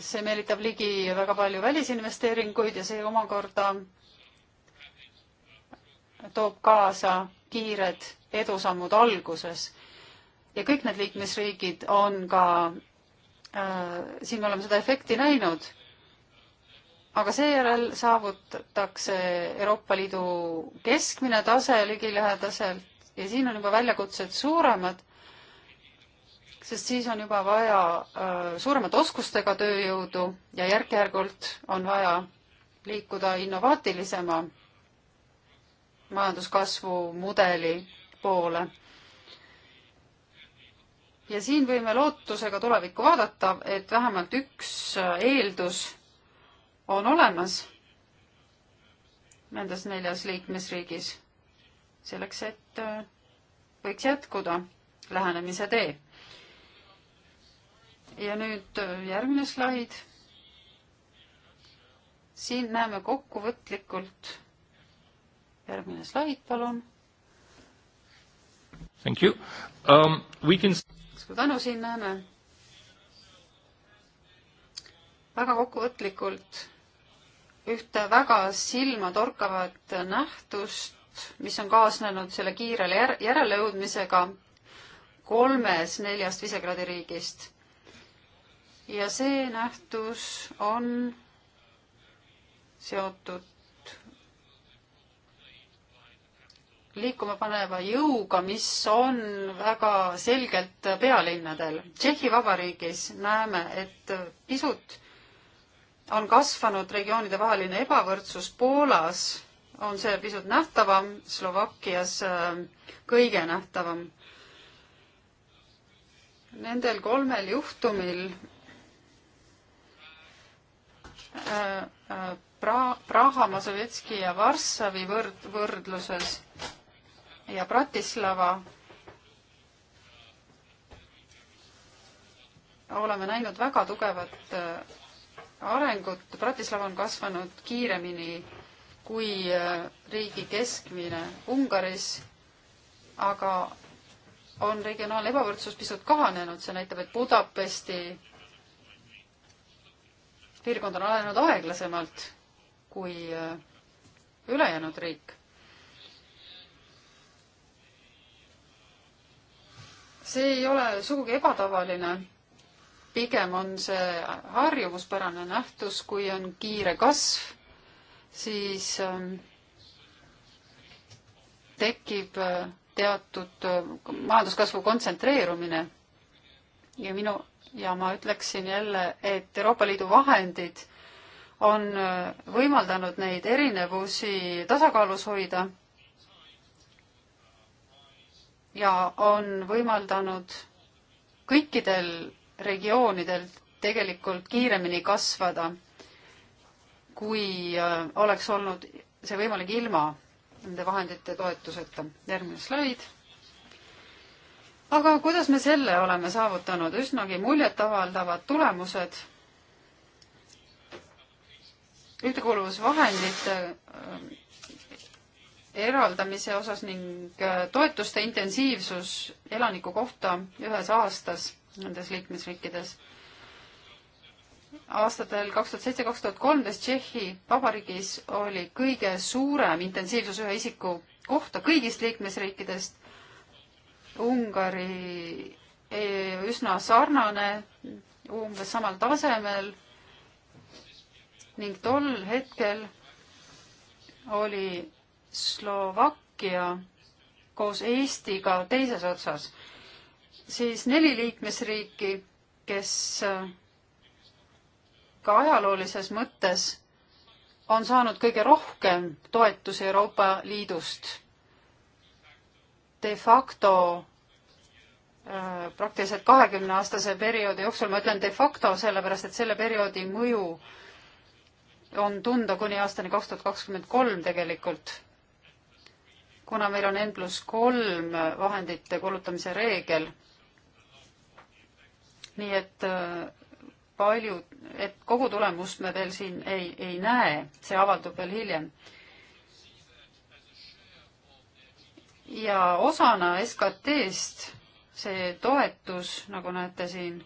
see meelitab ligi väga palju välisinvesteeringuid ja see omakorda toob kaasa kiired edusammud alguses. ja kõik need liikmesriigid on ka äh,, siin me oleme seda efekti näinud aga seejärel saavutatakse Euroopa Liidu keskmine tase ligilähedaselt ja siin on juba väljakutsed suuremad, sest siis on juba vaja äh, suuremat oskustega tööjõudu ja järk-järgult on vaja liikuda innovaatilisema majanduskasvu mudeli poole. ja siin võime lootusega tulevikku vaadata, et vähemalt üks äh, eeldus on olemas nendes neljas liikmesriigis selleks, et äh, võiks jätkuda lähenemise tee. ja nüüd äh, järgmine slaid. siin näeme kokkuvõtlikult, järgmine slaid, palun. Thank you um,. We can. suur tänu, siin näeme väga kokkuvõtlikult ühte väga silmatorkavat nähtust, mis on kaasnenud selle kiirele jär järelejõudmisega kolmes neljast Visegradi riigist. ja see nähtus on seotud liikuma paneva jõuga, mis on väga selgelt pealinnadel. Tšehhi Vabariigis näeme, et pisut on kasvanud regioonide vaheline ebavõrdsus. Poolas on see pisut nähtavam, Slovakkias äh, kõige nähtavam. Nendel kolmel juhtumil äh, äh, pra-, Praha, Mazovetski ja Varssavi võrd-, võrdluses ja Bratislava oleme näinud väga tugevat arengut, Bratislava on kasvanud kiiremini kui äh, riigi keskmine Ungaris, aga on regionaalne ebavõrdsus pisut kahanenud, see näitab, et Budapesti piirkond on arenenud aeglasemalt kui äh, ülejäänud riik. see ei ole sugugi ebatavaline pigem on see harjumuspärane nähtus, kui on kiire kasv, siis ähm, tekib äh, teatud äh, majanduskasvu kontsentreerumine. ja minu, ja ma ütleksin jälle, et Euroopa Liidu vahendid on äh, võimaldanud neid erinevusi tasakaalus hoida ja on võimaldanud kõikidel regioonidel tegelikult kiiremini kasvada, kui äh, oleks olnud see võimalik ilma nende vahendite toetuseta. järgmine slaid. aga kuidas me selle oleme saavutanud? üsnagi muljetavaldavad tulemused. ühtekuuluvusvahendite äh, eraldamise osas ning äh, toetuste intensiivsus elaniku kohta ühes aastas nendes liikmesriikides. aastatel kaks tuhat seitse, kaks tuhat kolmteist Tšehhi Vabariigis oli kõige suurem intensiivsus ühe isiku kohta kõigist liikmesriikidest. Ungari e, üsna sarnane, umbes samal tasemel ning tol hetkel oli Slovakkia koos Eestiga teises otsas siis neli liikmesriiki, kes äh, ka ajaloolises mõttes on saanud kõige rohkem toetusi Euroopa Liidust. De facto äh, praktiliselt kahekümneaastase perioodi jooksul, ma ütlen de facto sellepärast, et selle perioodi mõju on tunda kuni aastani kaks tuhat kakskümmend kolm tegelikult kuna meil on N pluss kolm vahendite kulutamise reegel, nii et äh, palju, et kogu tulemust me veel siin ei, ei näe, see avaldub veel hiljem. ja osana SKT-st see toetus, nagu näete siin,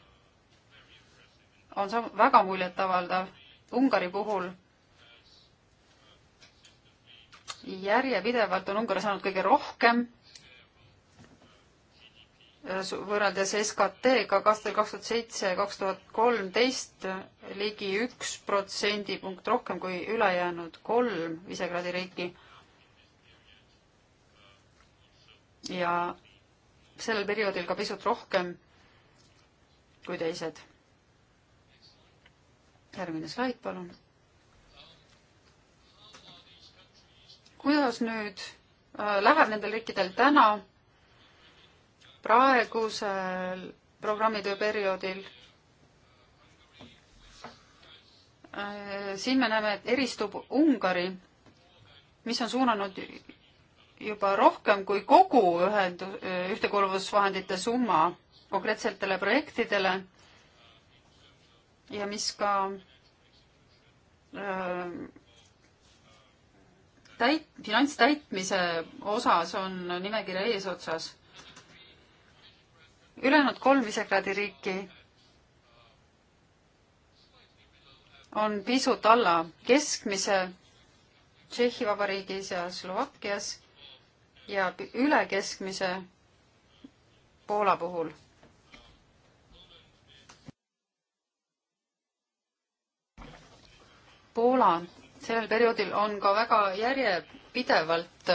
on sam-, väga muljetavaldav. Ungari puhul järjepidevalt on Ungari saanud kõige rohkem võrreldes SKT-ga ka aastal kaks tuhat seitse ja kaks tuhat kolmteist ligi üks protsendipunkt rohkem kui ülejäänud kolm Visegradi riiki. ja sellel perioodil ka pisut rohkem kui teised. järgmine slaid, palun. kuidas nüüd äh, läheb nendel riikidel täna? praegusel programmitöö perioodil äh, siin me näeme, et eristub Ungari, mis on suunanud juba rohkem kui kogu ühendu-, ühtekuuluvusvahendite summa konkreetsetele projektidele ja mis ka äh, täit-, finantstäitmise osas on nimekirja eesotsas ülejäänud kolm Visegradi riiki on pisut alla keskmise Tšehhi Vabariigis ja Slovakkias ja üle keskmise Poola puhul Poola sellel perioodil on ka väga järjepidevalt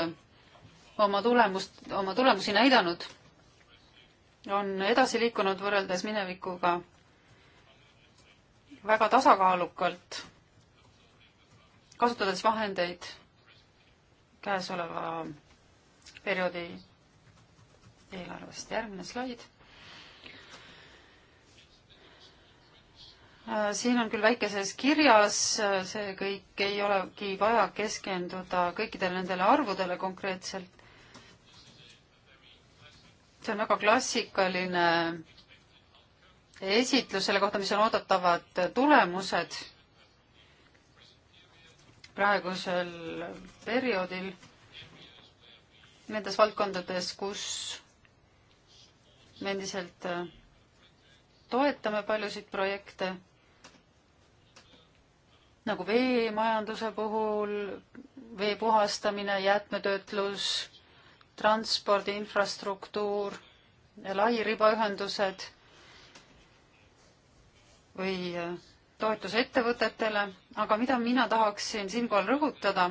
oma tulemust, oma tulemusi näidanud on edasi liikunud võrreldes minevikuga väga tasakaalukalt, kasutades vahendeid käesoleva perioodi eelarvest. järgmine slaid. Äh, siin on küll väikeses kirjas, äh, see kõik ei olegi vaja keskenduda kõikidele nendele arvudele konkreetselt, see on väga klassikaline esitlus selle kohta, mis on oodatavad tulemused praegusel perioodil nendes valdkondades, kus me endiselt toetame paljusid projekte, nagu veemajanduse puhul, vee puhastamine, jäätmetöötlus transpordi infrastruktuur, lairibaühendused või äh, toetus ettevõtetele, aga mida mina tahaksin siinkohal rõhutada,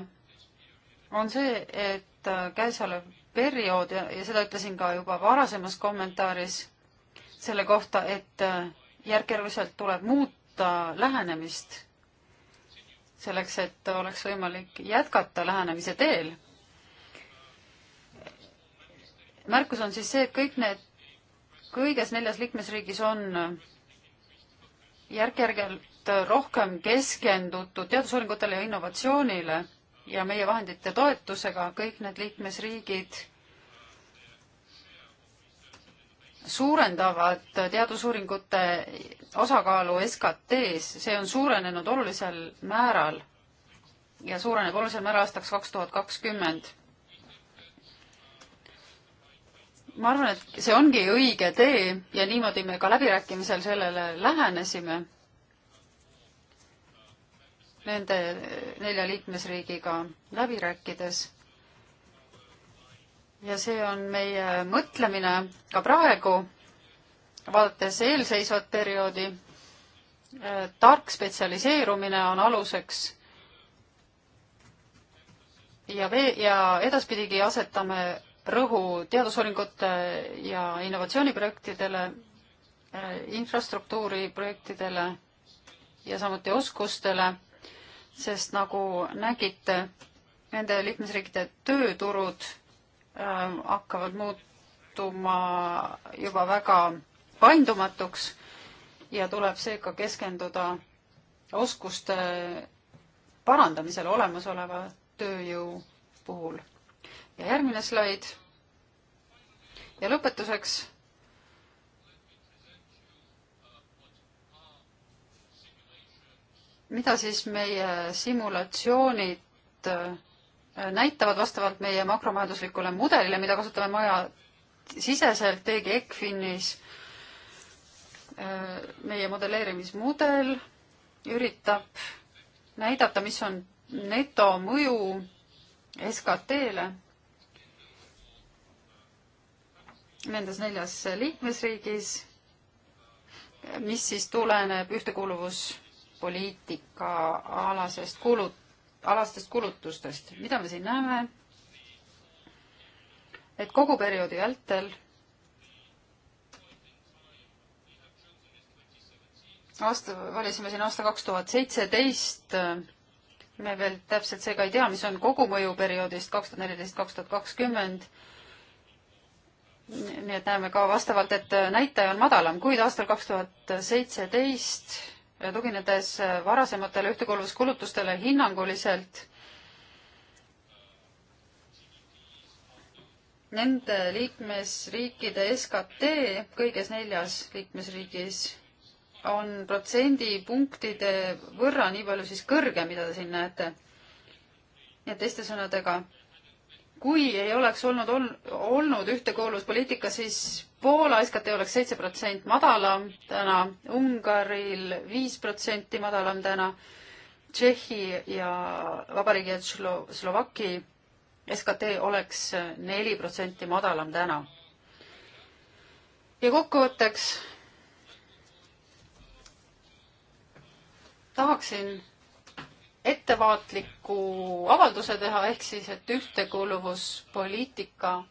on see, et äh, käesolev periood ja, ja seda ütlesin ka juba varasemas kommentaaris selle kohta, et äh, järk-järguselt tuleb muuta lähenemist selleks, et oleks võimalik jätkata lähenemise teel märkus on siis see, et kõik need, kõiges neljas liikmesriigis on järk-järgelt rohkem keskendutud teadusuuringutele ja innovatsioonile ja meie vahendite toetusega kõik need liikmesriigid suurendavad teadusuuringute osakaalu SKT-s, see on suurenenud olulisel määral ja suureneb olulisel määral aastaks kaks tuhat kakskümmend ma arvan, et see ongi õige tee ja niimoodi me ka läbirääkimisel sellele lähenesime nende nelja liikmesriigiga läbi rääkides. ja see on meie mõtlemine ka praegu, vaadates eelseisvat perioodi. tark spetsialiseerumine on aluseks ja vee- ja edaspidigi asetame rõhu teadusuuringute ja innovatsiooniprojektidele, infrastruktuuriprojektidele ja samuti oskustele, sest nagu nägite, nende liikmesriikide tööturud äh, hakkavad muutuma juba väga paindumatuks ja tuleb seega keskenduda oskuste parandamisele olemasoleva tööjõu puhul ja järgmine slaid. ja lõpetuseks. mida siis meie simulatsioonid äh, näitavad vastavalt meie makromajanduslikule mudelile, mida kasutame maja siseselt tegi ECFINis äh, meie modelleerimismudel üritab näidata, mis on netomõju SKT-le nendes neljas liikmesriigis, mis siis tuleneb ühtekuuluvuspoliitika alasest kulut-, alastest kulutustest. mida me siin näeme? et kogu perioodi vältel aasta, valisime siin aasta kaks tuhat seitseteist, me veel täpselt seega ei tea, mis on kogumõju perioodist kaks tuhat neliteist, kaks tuhat kakskümmend nii et näeme ka vastavalt, et näitaja on madalam, kuid aastal kaks tuhat seitseteist tuginedes varasematele ühtekuuluvuskulutustele hinnanguliselt nende liikmesriikide SKT kõiges neljas liikmesriigis on protsendipunktide võrra nii palju siis kõrgem, mida te siin näete. nii et teiste sõnadega kui ei oleks olnud ol,, olnud ühtekuuluvuspoliitika, siis Poola SKT oleks seitse protsenti madalam täna, Ungaril viis protsenti madalam täna, Tšehhi ja Vabariigi ja Slo-, Slovaki SKT oleks neli protsenti madalam täna. ja kokkuvõtteks tahaksin ettevaatliku avalduse teha, ehk siis, et ühtekuuluvuspoliitika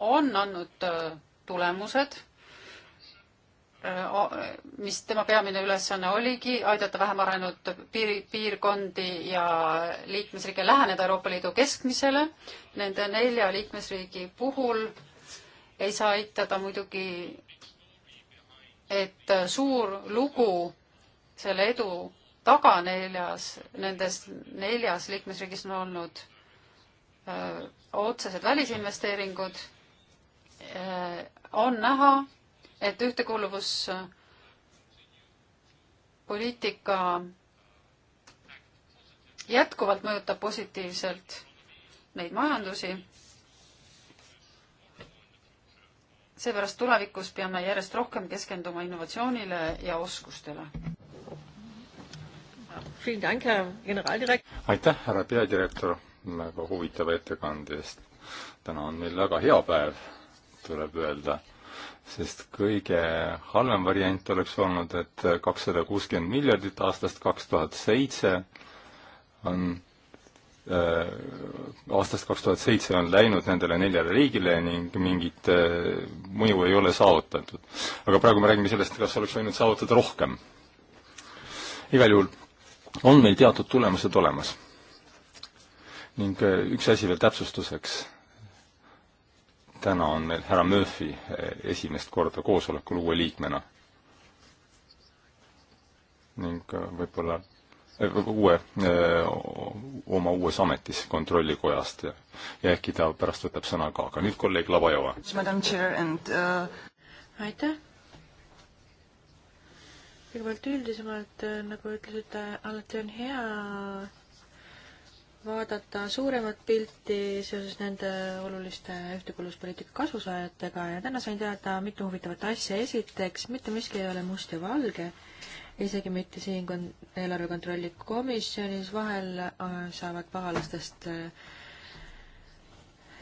on andnud äh, tulemused, äh, mis tema peamine ülesanne oligi, aidata vähem arenenud piir, piirkondi ja liikmesriike läheneda Euroopa Liidu keskmisele. Nende nelja liikmesriigi puhul ei saa eitada muidugi, et äh, suur lugu selle edu taga neljas, nendes neljas liikmesriigis on olnud öö, otsesed välisinvesteeringud. on näha, et ühtekuuluvuspoliitika jätkuvalt mõjutab positiivselt neid majandusi. seepärast tulevikus peame järjest rohkem keskenduma innovatsioonile ja oskustele aitäh, härra peadirektor, väga huvitava ettekande eest. täna on meil väga hea päev, tuleb öelda, sest kõige halvem variant oleks olnud, et kakssada kuuskümmend miljardit aastast kaks tuhat seitse on äh, aastast kaks tuhat seitse on läinud nendele neljale riigile ning mingit äh, mõju ei ole saavutatud. aga praegu me räägime sellest, kas oleks võinud saavutada rohkem. igal juhul on meil teatud tulemused olemas. ning äh, üks asi veel täpsustuseks. täna on meil härra Murphy äh, esimest korda koosolekul uue liikmena. ning äh, võib-olla uue, oma uues ametis Kontrollikojast ja, ja äkki ta pärast võtab sõna ka, aga nüüd kolleeg Labajova. Uh, aitäh kõigepealt üldisemalt, äh, nagu ütlesite, alati on hea vaadata suuremat pilti seoses nende oluliste ühtekuuluvuspoliitika kasusaajatega ja täna sain teada mitu huvitavat asja. esiteks, mitte miski ei ole must ja valge, isegi mitte siin kon-, eelarve kontrolli komisjonis, vahel äh, saavad pahalastest äh,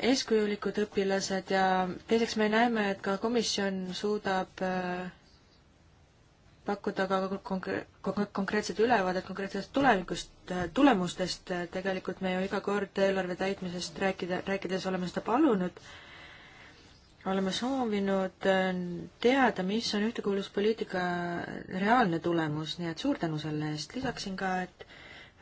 eeskujulikud õpilased ja teiseks me näeme, et ka komisjon suudab äh, pakkuda ka konkre-, konkreetset ülevaadet konkreetsest tulevikust, äh, tulemustest, äh, tegelikult me ju iga kord eelarve täitmisest rääkida, rääkides oleme seda palunud, oleme soovinud äh, teada, mis on ühtekuuluvuspoliitika reaalne tulemus, nii et suur tänu selle eest, lisaksin ka, et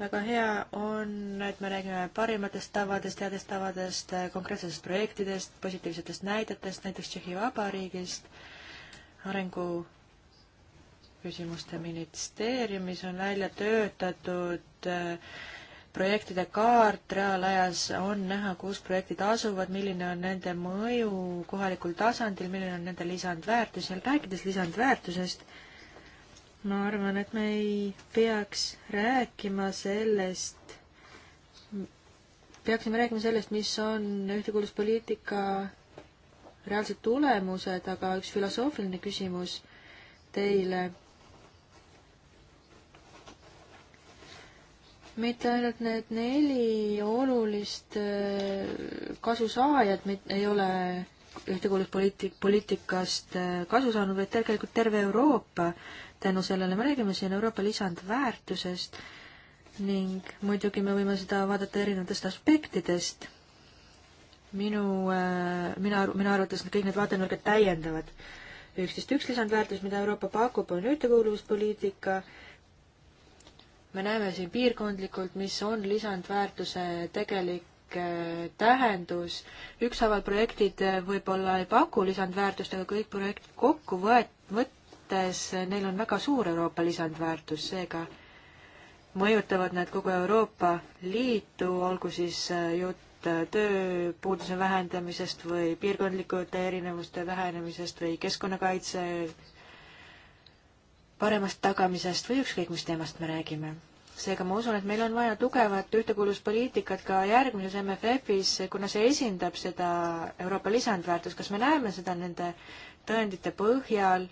väga hea on, et me räägime parimatest tavadest, headest tavadest, konkreetsetest projektidest, positiivsetest näidetest, näiteks Tšehhi Vabariigist, arengu küsimuste ministeeriumis on välja töötatud äh, projektide kaart reaalajas, on näha, kus projektid asuvad, milline on nende mõju kohalikul tasandil, milline on nende lisandväärtus ja rääkides lisandväärtusest, ma arvan, et me ei peaks rääkima sellest, peaksime rääkima sellest, mis on ühtekuuluvuspoliitika reaalsed tulemused, aga üks filosoofiline küsimus teile. mitte ainult need neli olulist äh, kasusaajat ei ole ühtekuuluvuspoliitik, poliitikast äh, kasu saanud, vaid tegelikult terve Euroopa tänu sellele, me räägime siin Euroopa lisandväärtusest ning muidugi me võime seda vaadata erinevatest aspektidest. minu, äh, mina, minu arvates kõik need vaatenurgad täiendavad üksteist. üks lisandväärtus, mida Euroopa pakub, on ühtekuuluvuspoliitika me näeme siin piirkondlikult, mis on lisandväärtuse tegelik äh, tähendus. ükshaaval projektid äh, võib-olla ei paku lisandväärtust, aga kõik projektid kokku võet-, võttes, äh, neil on väga suur Euroopa lisandväärtus, seega mõjutavad nad kogu Euroopa Liitu, olgu siis jutt tööpuuduse vähendamisest või piirkondlikute erinevuste vähenemisest või keskkonnakaitse paremast tagamisest või ükskõik, mis teemast me räägime. seega ma usun, et meil on vaja tugevat ühtekuuluvuspoliitikat ka järgmises MFF-is, kuna see esindab seda Euroopa lisandväärtust, kas me näeme seda nende tõendite põhjal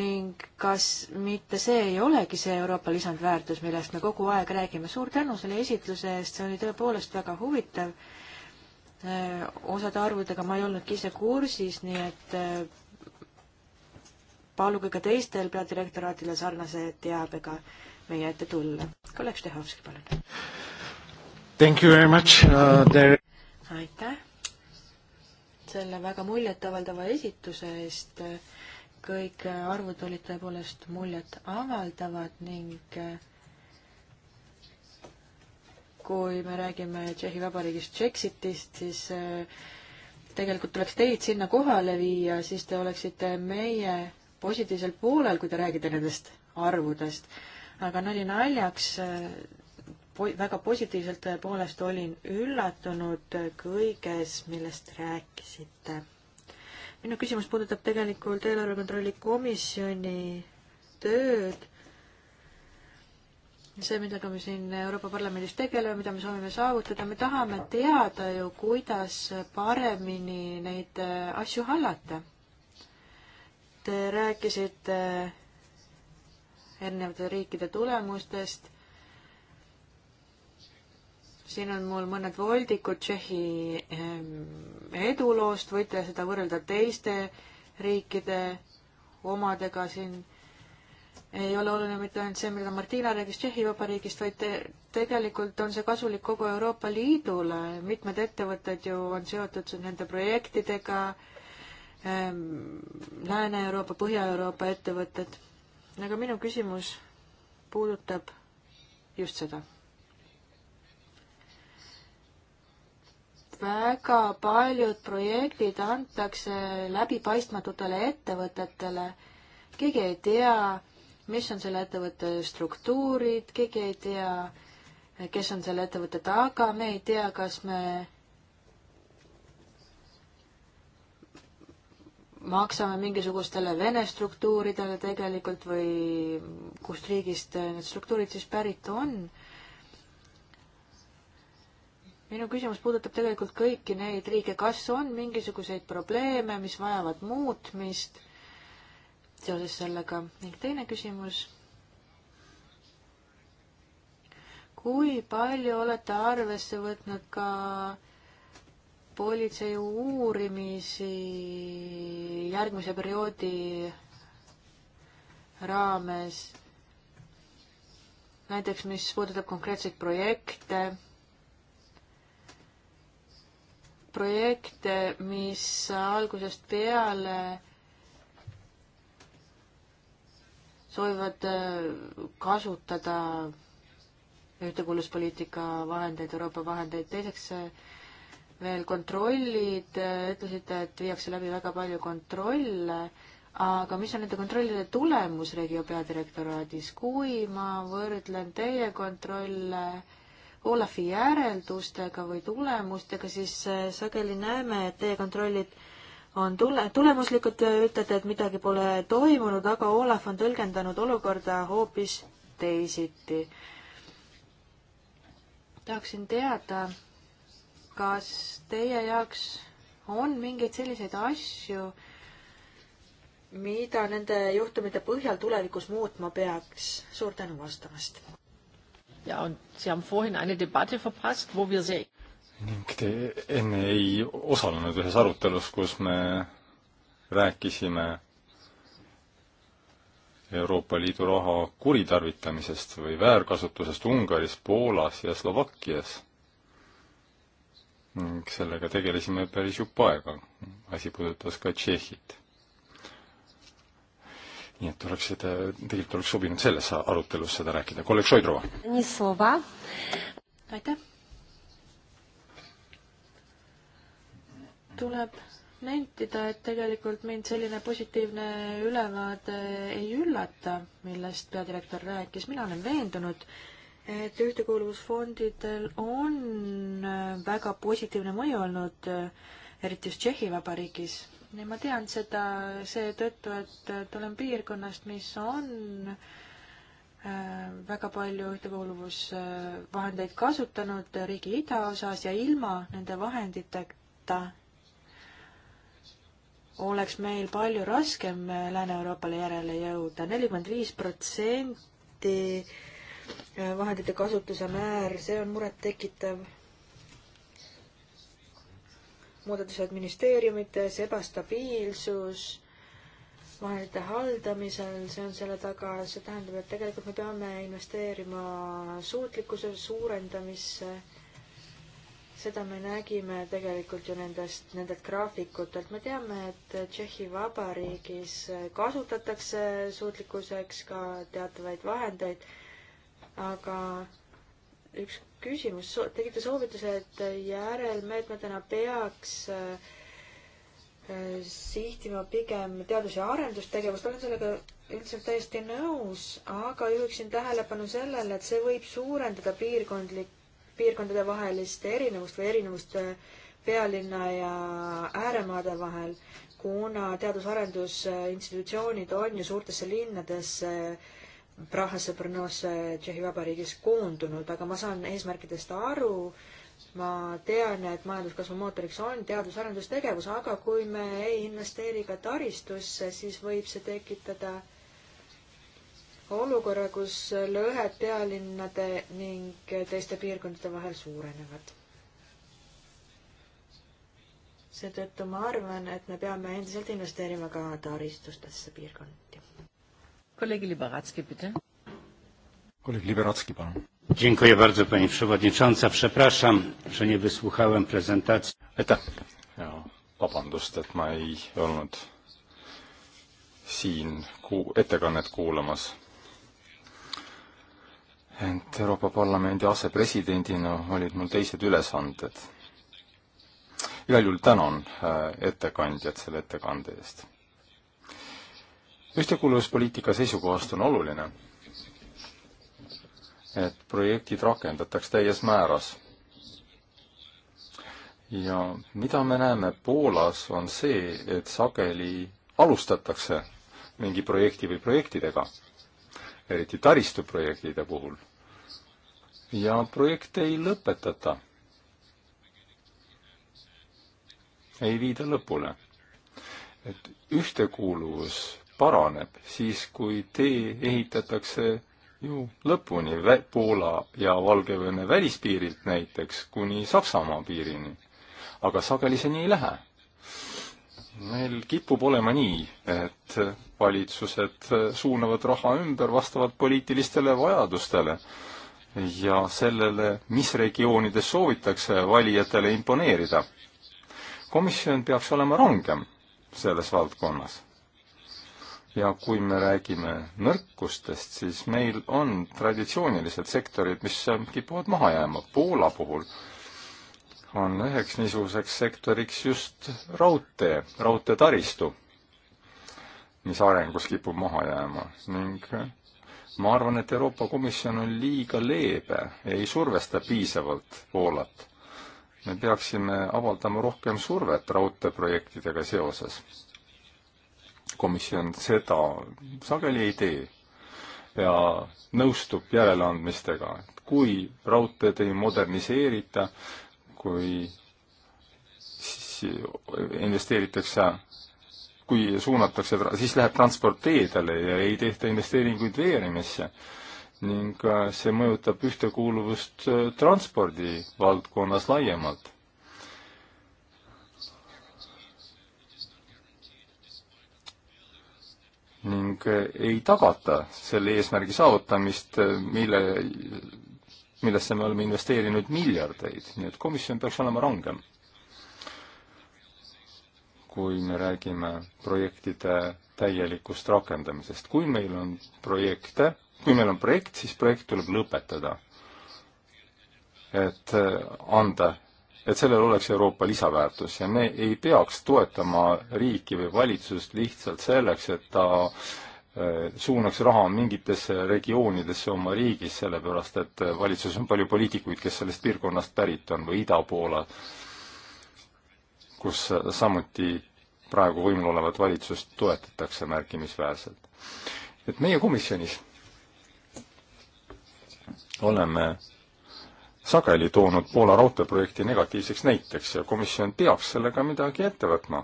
ning kas mitte see ei olegi see Euroopa lisandväärtus, millest me kogu aeg räägime. suur tänu selle esitluse eest, see oli tõepoolest väga huvitav. osade arvudega ma ei olnudki ise kursis, nii et paluge ka teistel peadirektoraatidel sarnase teabega meie ette tulla. kolleeg Štehovski, palun. Thank you very much uh,. There... aitäh selle väga muljetavaldava esituse eest. kõik arvud olid tõepoolest muljetavaldavad ning eh, kui me räägime Tšehhi Vabariigist, Brexitist, siis eh, tegelikult tuleks teid sinna kohale viia, siis te oleksite meie positiivsel poolel, kui te räägite nendest arvudest, aga nali naljaks, väga positiivselt tõepoolest olin üllatunud kõiges, millest rääkisite. minu küsimus puudutab tegelikult eelarve kontrolli komisjoni tööd see, millega me siin Euroopa Parlamendis tegeleme, mida me soovime saavutada, me tahame teada ju, kuidas paremini neid asju hallata. Te rääkisite äh, erinevate riikide tulemustest. siin on mul mõned voldikud Tšehhi ähm, eduloost, võite seda võrrelda teiste riikide omadega siin ei ole oluline mitte ainult see, mida Martina rääkis Tšehhi Vabariigist, vaid te, tegelikult on see kasulik kogu Euroopa Liidule, mitmed ettevõtted ju on seotud nende projektidega, Ähm, Lääne-Euroopa, Põhja-Euroopa ettevõtted. aga minu küsimus puudutab just seda. väga paljud projektid antakse läbipaistmatutele ettevõtetele, keegi ei tea, mis on selle ettevõtte struktuurid, keegi ei tea, kes on selle ettevõtte taga, me ei tea, kas me maksame mingisugustele Vene struktuuridele tegelikult või kust riigist need struktuurid siis pärit on. minu küsimus puudutab tegelikult kõiki neid riike, kas on mingisuguseid probleeme, mis vajavad muutmist seoses sellega ning teine küsimus. kui palju olete arvesse võtnud ka politsei uurimisi järgmise perioodi raames, näiteks mis puudutab konkreetseid projekte, projekte, mis algusest peale soovivad äh, kasutada ühtekuuluvuspoliitika vahendeid, Euroopa vahendeid, teiseks äh, veel kontrollid, ütlesite, et viiakse läbi väga palju kontrolle, aga mis on nende kontrollide tulemus Regio peadirektoraadis, kui ma võrdlen teie kontrolle Olafi järeldustega või tulemustega, siis äh, sageli näeme, et teie kontrollid on tule-, tulemuslikud, ütlete, et midagi pole toimunud, aga Olav on tõlgendanud olukorda hoopis teisiti. tahaksin teada, kas teie jaoks on mingeid selliseid asju, mida nende juhtumite põhjal tulevikus muutma peaks? suur tänu vastamast! ja und Sie haben vorhin eine Debatte verpasst, wo wir see ning te enne ei osalenud ühes arutelus, kus me rääkisime Euroopa Liidu raha kuritarvitamisest või väärkasutusest Ungaris, Poolas ja Slovakkias ning sellega tegelesime päris jupp aega. asi puudutas ka Tšehhit. nii et oleks seda, tegelikult oleks sobinud selles arutelus seda rääkida. kolleeg Šoidrova. aitäh. tuleb nentida, et tegelikult mind selline positiivne ülevaade ei üllata, millest peadirektor rääkis. mina olen veendunud, et ühtekuuluvusfondidel on äh, väga positiivne mõju olnud, äh, eriti just Tšehhi Vabariigis. ja ma tean seda seetõttu, et äh, tulen piirkonnast, mis on väga palju ühtekuuluvusvahendeid kasutanud riigi idaosas ja ilma nende vahenditeta oleks meil palju raskem Lääne-Euroopale järele jõuda. nelikümmend viis protsenti Äh, vahendite kasutuse määr, see on murettekitav. muudatused ministeeriumites, ebastabiilsus vahendite haldamisel, see on selle taga, see tähendab, et tegelikult me peame investeerima suutlikkuse suurendamisse. seda me nägime tegelikult ju nendest, nendelt graafikutelt, me teame, et Tšehhi Vabariigis kasutatakse suutlikkuseks ka teatavaid vahendeid aga üks küsimus, tegite soovituse, et järelmeetmetena peaks äh, sihtima pigem teadus- ja arendustegevust, olen sellega üldiselt täiesti nõus, aga juhiksin tähelepanu sellele, et see võib suurendada piirkondlik, piirkondade vahelist erinevust või erinevust äh, pealinna ja ääremaade vahel, kuna teadus-arendusinstitutsioonid on ju suurtesse linnadesse äh, Prahasse, Brnosse, Tšehhi Vabariigis koondunud, aga ma saan eesmärkidest aru, ma tean, et majanduskasvu mootoriks on teadus-arendustegevus, aga kui me ei investeeri ka taristusse, siis võib see tekitada olukorra, kus lõhed pealinnade ning teiste piirkondade vahel suurenevad seetõttu ma arvan, et me peame endiselt investeerima ka taristustesse piirkondi kolleeg Liberatski, bitte. kolleeg Liberatski, palun. Dziękuję bardzo pani przewodnicząca, przepraszam, że nie wysłuchałem prezentacji. E, aitäh ja vabandust, et ma ei olnud siin kuu-, ettekannet kuulamas ent Euroopa Parlamendi asepresidendina olid mul teised ülesanded. igal juhul tänan äh, ettekandjat selle ettekande eest ühtekuuluvuspoliitika seisukohast on oluline, et projektid rakendataks täies määras. ja mida me näeme Poolas, on see, et sageli alustatakse mingi projekti või projektidega, eriti taristuprojektide puhul, ja projekte ei lõpetata, ei viida lõpule. et ühtekuuluvus paraneb siis, kui tee ehitatakse ju lõpuni Vä-, Poola ja Valgevene välispiirilt näiteks kuni Saksamaa piirini. aga sageli see nii ei lähe. meil kipub olema nii, et valitsused suunavad raha ümber vastavalt poliitilistele vajadustele ja sellele, mis regioonides soovitakse valijatele imponeerida. komisjon peaks olema rangem selles valdkonnas ja kui me räägime nõrkustest, siis meil on traditsioonilised sektorid, mis äh, kipuvad maha jääma. Poola puhul on üheks niisuguseks sektoriks just raudtee, raudteetaristu, mis arengus kipub maha jääma ning äh, ma arvan, et Euroopa Komisjon on liiga leebe, ei survesta piisavalt Poolat. me peaksime avaldama rohkem survet raudteeprojektidega seoses komisjon seda sageli ei tee ja nõustub järeleandmistega, et kui raudteed ei moderniseerita, kui investeeritakse, kui suunatakse, siis läheb transport teedele ja ei tehta investeeringuid veerimisse ning äh, see mõjutab ühtekuuluvust äh, transpordivaldkonnas laiemalt. ning eh, ei tagata selle eesmärgi saavutamist, eh, mille, millesse me oleme investeerinud miljardeid, nii et komisjon peaks olema rangem. kui me räägime projektide täielikust rakendamisest, kui meil on projekte, kui meil on projekt, siis projekt tuleb lõpetada. et eh, anda et sellel oleks Euroopa lisaväärtus ja me ei peaks toetama riiki või valitsust lihtsalt selleks, et ta eh, suunaks raha mingitesse regioonidesse oma riigis, sellepärast et valitsuses on palju poliitikuid, kes sellest piirkonnast pärit on, või ida poole, kus samuti praegu võimul olevat valitsust toetatakse märkimisväärselt. et meie komisjonis oleme sageli toonud Poola raudteeprojekti negatiivseks näiteks ja komisjon peaks sellega midagi ette võtma.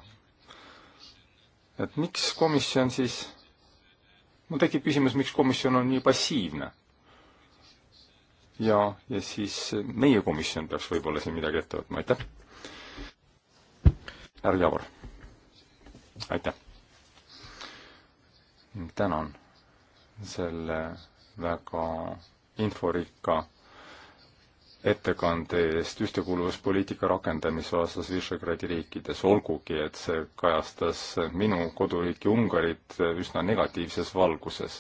et miks komisjon siis, mul tekib küsimus, miks komisjon on nii passiivne? ja, ja siis meie komisjon peaks võib-olla siin midagi ette võtma, aitäh. härra Javor, aitäh. tänan selle väga inforikka ettekande eest ühtekuuluvuspoliitika rakendamise osas Visegradi riikides, olgugi et see kajastas minu koduriiki Ungarit üsna negatiivses valguses.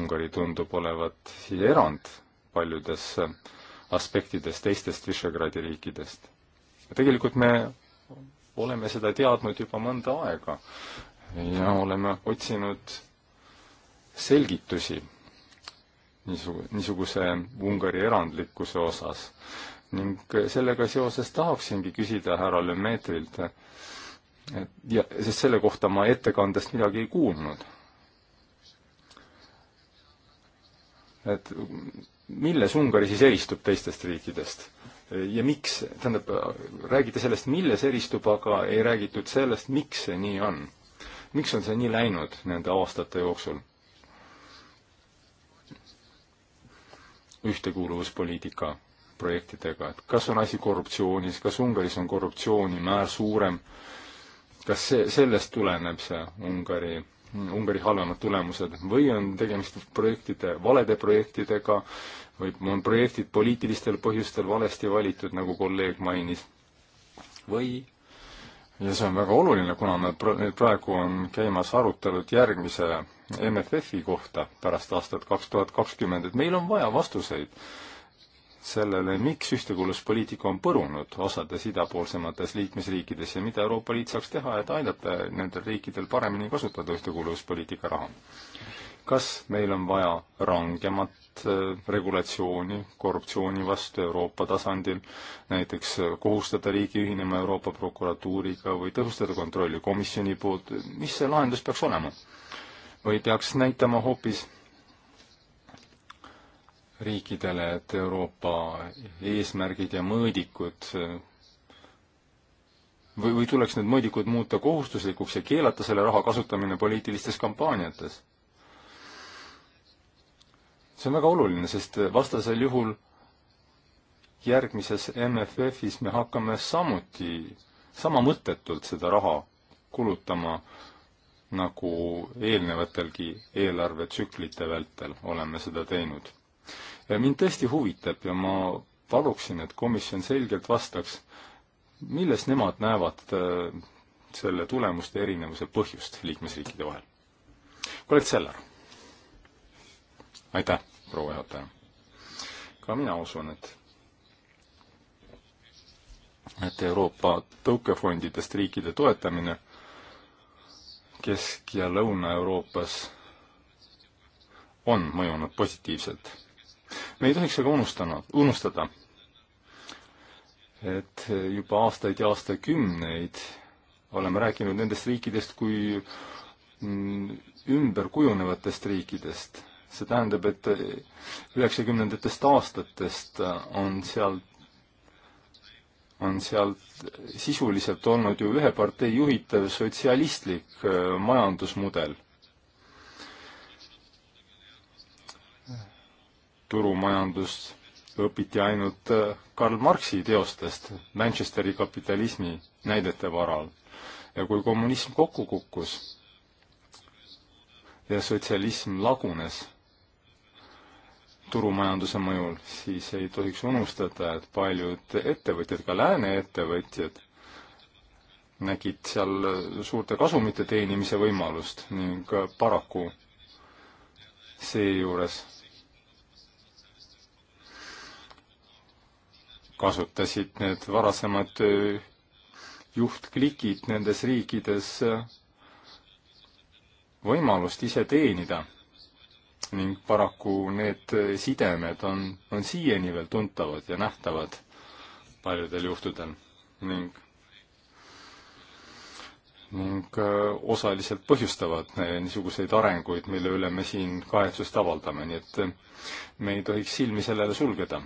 Ungari tundub olevat siis erand paljudes aspektides teistest Visegradi riikidest. tegelikult me oleme seda teadnud juba mõnda aega ja oleme otsinud selgitusi niisu-, niisuguse Ungari erandlikkuse osas. ning sellega seoses tahaksingi küsida härra Lemeetrilt, et ja, sest selle kohta ma ettekandest midagi ei kuulnud. et milles Ungari siis eristub teistest riikidest? ja miks, tähendab, räägite sellest, milles eristub, aga ei räägitud sellest, miks see nii on. miks on see nii läinud nende aastate jooksul? ühtekuuluvuspoliitika projektidega, et kas on asi korruptsioonis, kas Ungaris on korruptsioonimäär suurem, kas see, sellest tuleneb see Ungari, Ungari halvemad tulemused või on tegemist projektide, valede projektidega või on projektid poliitilistel põhjustel valesti valitud, nagu kolleeg mainis, või ja see on väga oluline, kuna me praegu on käimas arutelud järgmise MFF-i kohta pärast aastat kaks tuhat kakskümmend, et meil on vaja vastuseid sellele, miks ühtekuuluvuspoliitika on põrunud osades idapoolsemates liikmesriikides ja mida Euroopa Liit saaks teha, et aidata nendel riikidel paremini kasutada ühtekuuluvuspoliitika raha. kas meil on vaja rangemat äh, regulatsiooni korruptsiooni vastu Euroopa tasandil, näiteks äh, kohustada riigi ühinema Euroopa prokuratuuriga või tõhustada kontrolli komisjoni poolt, mis see lahendus peaks olema? või peaks näitama hoopis riikidele, et Euroopa eesmärgid ja mõõdikud või, või tuleks need mõõdikud muuta kohustuslikuks ja keelata selle raha kasutamine poliitilistes kampaaniates? see on väga oluline, sest vastasel juhul järgmises MFF-is me hakkame samuti sama mõttetult seda raha kulutama äh, nagu eelnevatelgi eelarvetsüklite vältel oleme seda teinud. mind tõesti huvitab ja ma paluksin, et komisjon selgelt vastaks, milles nemad näevad äh, selle tulemuste erinevuse põhjust liikmesriikide vahel. kolleeg Seller. aitäh, proua juhataja. ka mina usun, et et Euroopa tõukefondidest riikide toetamine Kesk- ja Lõuna-Euroopas on mõjunud positiivselt. me ei tohiks aga unustanud, unustada, et juba aastaid ja aastakümneid oleme rääkinud nendest riikidest kui ümberkujunevatest riikidest. see tähendab, et üheksakümnendatest aastatest on seal on seal sisuliselt olnud ju ühe partei juhitav sotsialistlik äh, majandusmudel. turumajandust õpiti ainult äh, Karl Marxi teostest Manchesteri kapitalismi näidete varal. ja kui kommunism kokku kukkus ja sotsialism lagunes turumajanduse mõjul, siis ei tohiks unustada, et paljud ettevõtjad, ka lääne ettevõtjad, nägid seal suurte kasumite teenimise võimalust ning paraku seejuures kasutasid need varasemad juhtklikid nendes riikides võimalust ise teenida ning paraku need sidemed on, on siiani veel tuntavad ja nähtavad paljudel juhtudel ning ning äh, osaliselt põhjustavad äh, niisuguseid arenguid, mille üle me siin kahetsust avaldame, nii et äh, me ei tohiks silmi sellele sulgeda.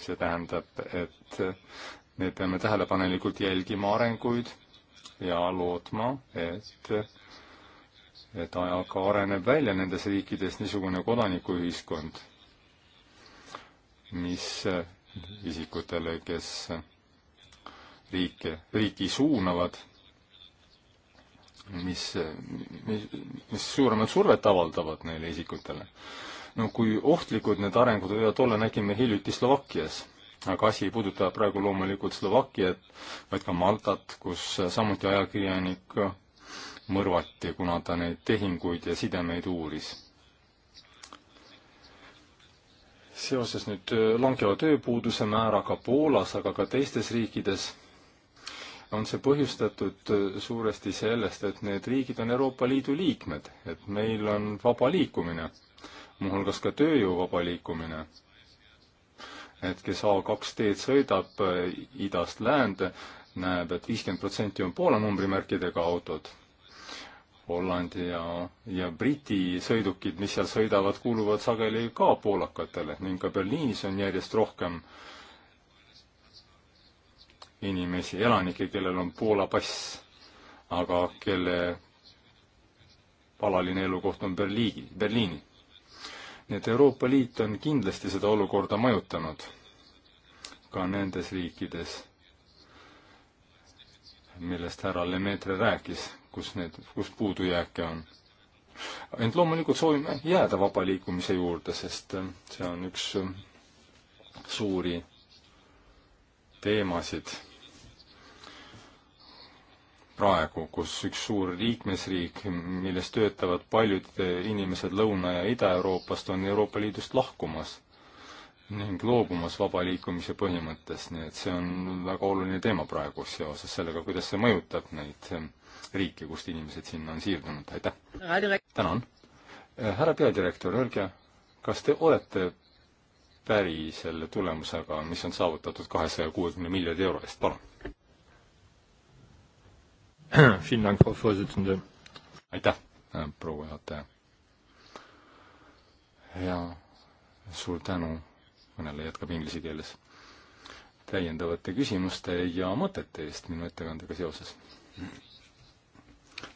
see tähendab, et me peame tähelepanelikult jälgima arenguid ja lootma, et et aga areneb välja nendes riikides niisugune kodanikuühiskond, mis eh, isikutele, kes eh, riike, riiki suunavad, mis, mis, mis suuremat survet avaldavad neile isikutele. no kui ohtlikud need arengud võivad olla, nägime hiljuti Slovakkias aga asi ei puuduta praegu loomulikult Slovakkiat, vaid ka Maltat, kus samuti ajakirjanik mõrvati, kuna ta neid tehinguid ja sidemeid uuris. seoses nüüd äh, langeva tööpuuduse määraga Poolas, aga ka teistes riikides on see põhjustatud äh, suuresti sellest, et need riigid on Euroopa Liidu liikmed, et meil on vaba liikumine, muuhulgas ka tööjõu vaba liikumine. et kes A2 teed sõidab äh, idast läände, näeb et, et viiskümmend protsenti on Poola numbrimärkidega autod Hollandi ja, ja Briti sõidukid, mis seal sõidavad, kuuluvad sageli ka poolakatele ning ka Berliinis on järjest rohkem inimesi, elanikke, kellel on Poola pass, aga kelle alaline elukoht on Berliigi, Berliini. nii et Euroopa Liit on kindlasti seda olukorda mõjutanud ka nendes riikides, millest härra Lemetre rääkis, kus need, kus puudujääke on. ent loomulikult soovime jääda vaba liikumise juurde, sest äh, see on üks äh, suuri teemasid praegu, kus üks suur liikmesriik, milles töötavad paljud äh, inimesed Lõuna- ja Ida-Euroopast, on Euroopa Liidust lahkumas ning loobumas vaba liikumise põhimõttest, nii et see on väga oluline teema praegu seoses sellega, kuidas see mõjutab neid riike, kust inimesed sinna on siirdunud, aitäh! tänan! Äh, härra peadirektor, öelge, kas te olete päri selle tulemusega, mis on saavutatud kahesaja kuuekümne miljardi euro eest, palun? aitäh, äh, proua juhataja! ja suur tänu, kõneleja jätkab inglise keeles, täiendavate küsimuste ja mõtete eest minu ettekandega seoses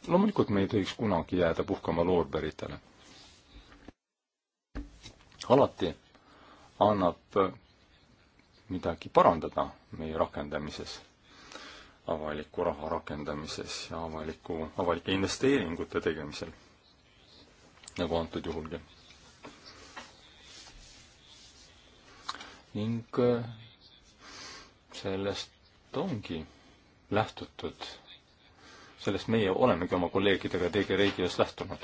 loomulikult me ei tohiks kunagi jääda puhkama loorberitele. alati annab äh, midagi parandada meie rakendamises, avaliku raha rakendamises ja avaliku, avalike investeeringute tegemisel, nagu antud juhulgi. ning äh, sellest ongi lähtutud sellest meie olemegi oma kolleegidega DG Regios lähtunud.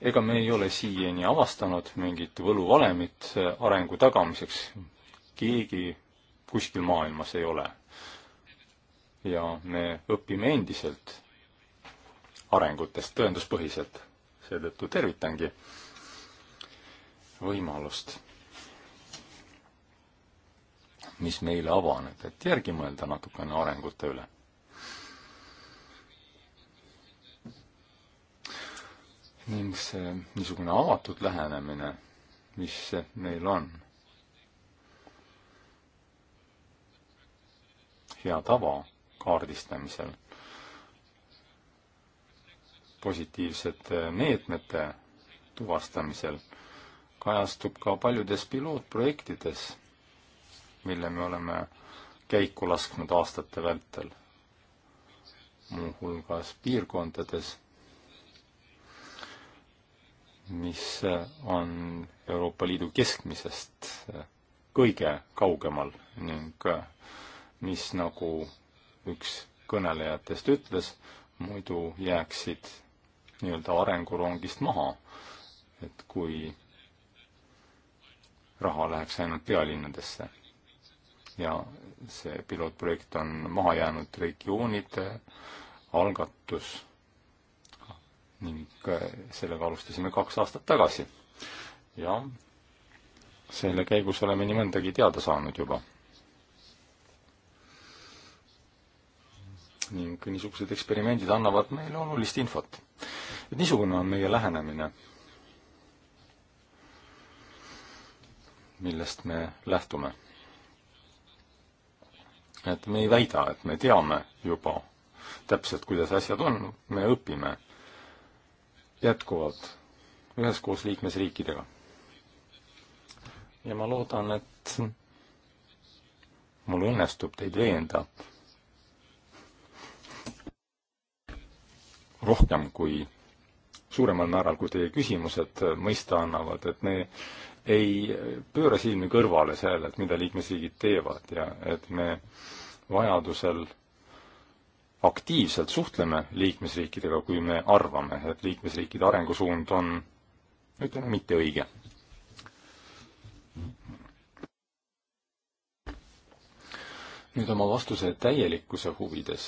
ega me ei ole siiani avastanud mingit võluvalemit äh, arengu tagamiseks. keegi kuskil maailmas ei ole. ja me õpime endiselt arengutest tõenduspõhiselt. seetõttu tervitangi võimalust, mis meile avaneb, et järgi mõelda natukene arengute üle ning see niisugune avatud lähenemine, mis meil on, hea tava kaardistamisel, positiivsete meetmete tuvastamisel, kajastub ka paljudes pilootprojektides, mille me oleme käiku lasknud aastate vältel, muuhulgas piirkondades mis on Euroopa Liidu keskmisest kõige kaugemal ning äh, mis, nagu üks kõnelejatest ütles, muidu jääksid nii-öelda arengurongist maha, et kui raha läheks ainult pealinnadesse. ja see pilootprojekt on mahajäänud regioonide algatus ning äh, sellega alustasime kaks aastat tagasi. ja selle käigus oleme nii mõndagi teada saanud juba. ning niisugused eksperimendid annavad meile olulist infot. et niisugune on meie lähenemine, millest me lähtume. et me ei väida, et me teame juba täpselt, kuidas asjad on, me õpime jätkuvalt üheskoos liikmesriikidega. ja ma loodan, et mul õnnestub teid veenda rohkem kui, suuremal määral, kui teie küsimused mõista annavad, et me ei pööra silmi kõrvale sellelt, mida liikmesriigid teevad ja et me vajadusel aktiivselt suhtleme liikmesriikidega, kui me arvame, et liikmesriikide arengusuund on ütleme, mitte õige. nüüd oma vastuse täielikkuse huvides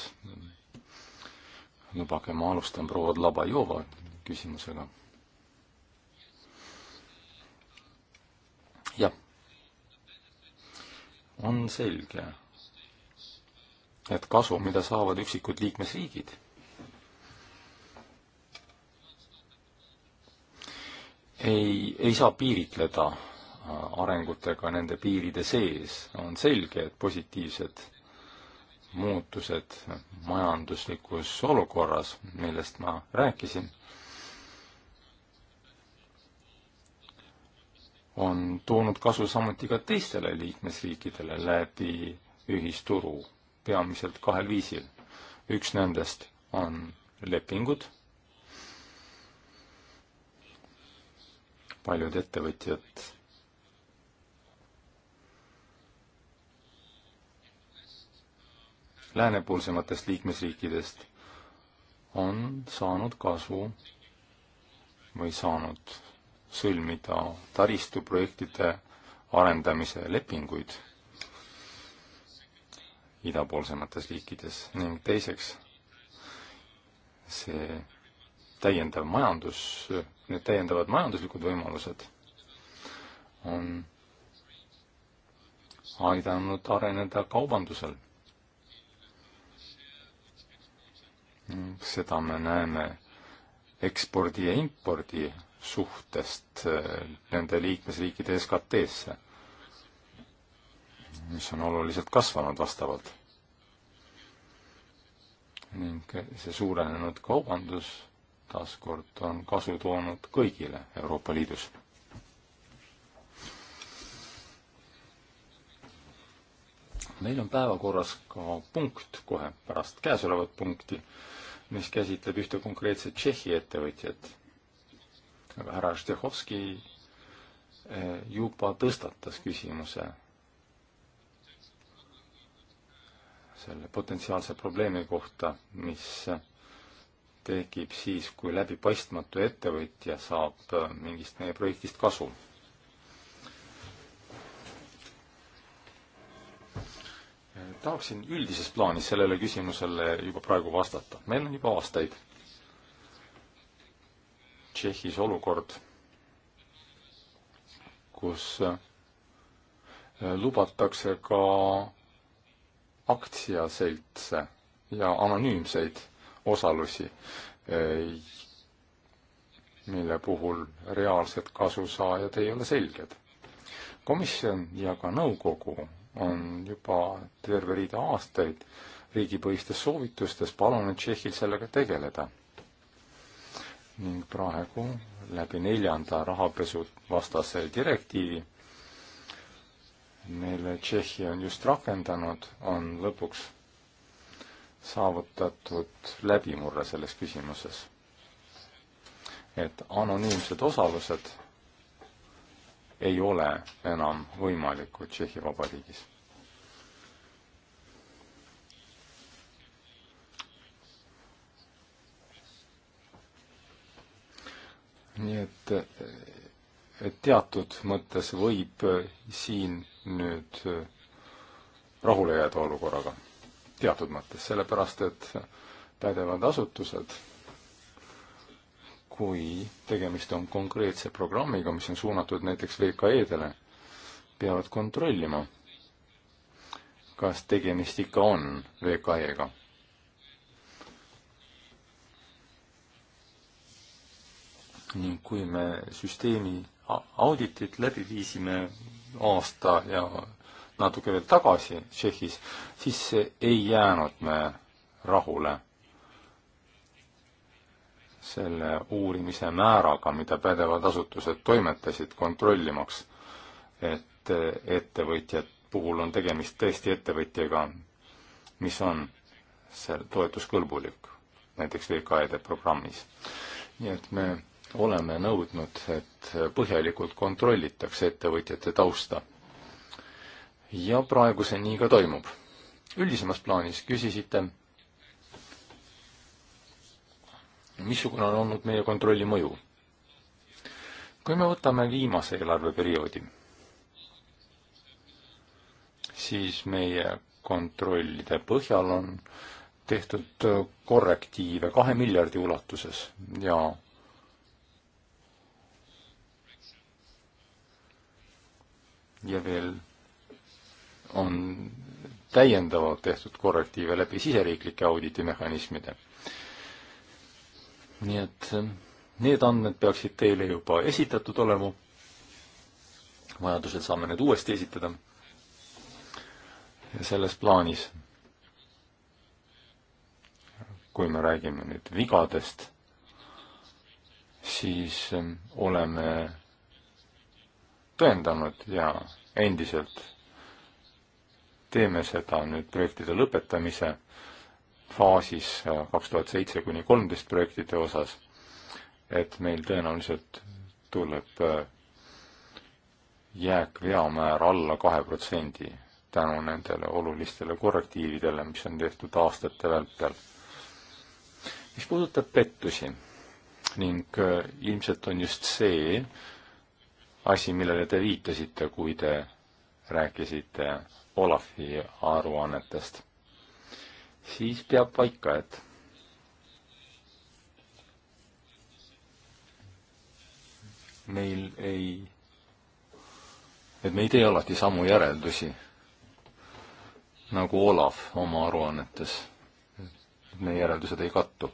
lubage, ma alustan proua Labajova küsimusega. jah, on selge et kasu, mida saavad üksikud liikmesriigid, ei, ei saa piiritleda arengutega nende piiride sees, on selge, et positiivsed muutused majanduslikus olukorras, millest ma rääkisin, on toonud kasu samuti ka teistele liikmesriikidele läbi ühisturu peamiselt kahel viisil. üks nendest on lepingud, paljud ettevõtjad läänepoolsematest liikmesriikidest on saanud kasu või saanud sõlmida taristuprojektide arendamise lepinguid idapoolsemates liikides ning teiseks see täiendav majandus, need täiendavad majanduslikud võimalused on aidanud areneda kaubandusel. seda me näeme ekspordi ja impordi suhtest eh, nende liikmesriikide SKT-sse mis on oluliselt kasvanud vastavalt. ning see suurenenud kaubandus taaskord on kasu toonud kõigile Euroopa Liidus. meil on päevakorras ka punkt kohe pärast käesolevat punkti, mis käsitleb ühte konkreetset Tšehhi ettevõtjat. aga härra Štehovski eh, juba tõstatas küsimuse selle potentsiaalse probleemi kohta, mis tekib siis, kui läbipaistmatu ettevõtja saab äh, mingist meie projektist kasu. tahaksin üldises plaanis sellele küsimusele juba praegu vastata. meil on juba aastaid Tšehhis olukord, kus äh, lubatakse ka aktsiaseltse ja anonüümseid osalusi, mille puhul reaalsed kasusaajad ei ole selged. komisjon ja ka nõukogu on juba terve rida aastaid riigipõhistes soovitustes palunud Tšehhil sellega tegeleda. ning praegu läbi neljanda rahapesu vastase direktiivi mille Tšehhi on just rakendanud, on lõpuks saavutatud läbimurre selles küsimuses. et anonüümsed osalused ei ole enam võimalikud Tšehhi Vabariigis. nii et et teatud mõttes võib siin nüüd rahule jääda olukorraga, teatud mõttes, sellepärast et pädevad asutused, kui tegemist on konkreetse programmiga, mis on suunatud näiteks VKE-dele, peavad kontrollima, kas tegemist ikka on VKE-ga ning kui me süsteemi auditit läbi viisime aasta ja natuke veel tagasi Tšehhis, siis ei jäänud me rahule selle uurimise määraga, mida pädevad asutused toimetasid kontrollimaks, et ettevõtjad puhul on tegemist tõesti ettevõtjaga, mis on seal toetuskõlbulik, näiteks VKE-de programmis. nii et me oleme nõudnud, et põhjalikult kontrollitakse ettevõtjate tausta. ja praegu see nii ka toimub. üldisemas plaanis küsisite, missugune on olnud meie kontrolli mõju. kui me võtame viimase eelarveperioodi, siis meie kontrollide põhjal on tehtud korrektiive kahe miljardi ulatuses ja ja veel on täiendavalt tehtud korrektiive läbi siseriiklike auditimehhanismide. nii et äh, need andmed peaksid teile juba esitatud olema. vajadusel saame need uuesti esitada. ja selles plaanis, kui me räägime nüüd vigadest, siis äh, oleme tõendanud ja endiselt teeme seda nüüd projektide lõpetamise faasis äh, kaks tuhat seitse kuni kolmteist projektide osas, et meil tõenäoliselt tuleb äh, jääkveamäär alla kahe protsendi tänu nendele olulistele korrektiividele, mis on tehtud aastate vältel. mis puudutab pettusi ning äh, ilmselt on just see, asi, millele te viitasite, kui te rääkisite Olafi aruannetest, siis peab paika, et meil ei, et me ei tee alati samu järeldusi nagu Olav oma aruannetes. Need järeldused ei kattu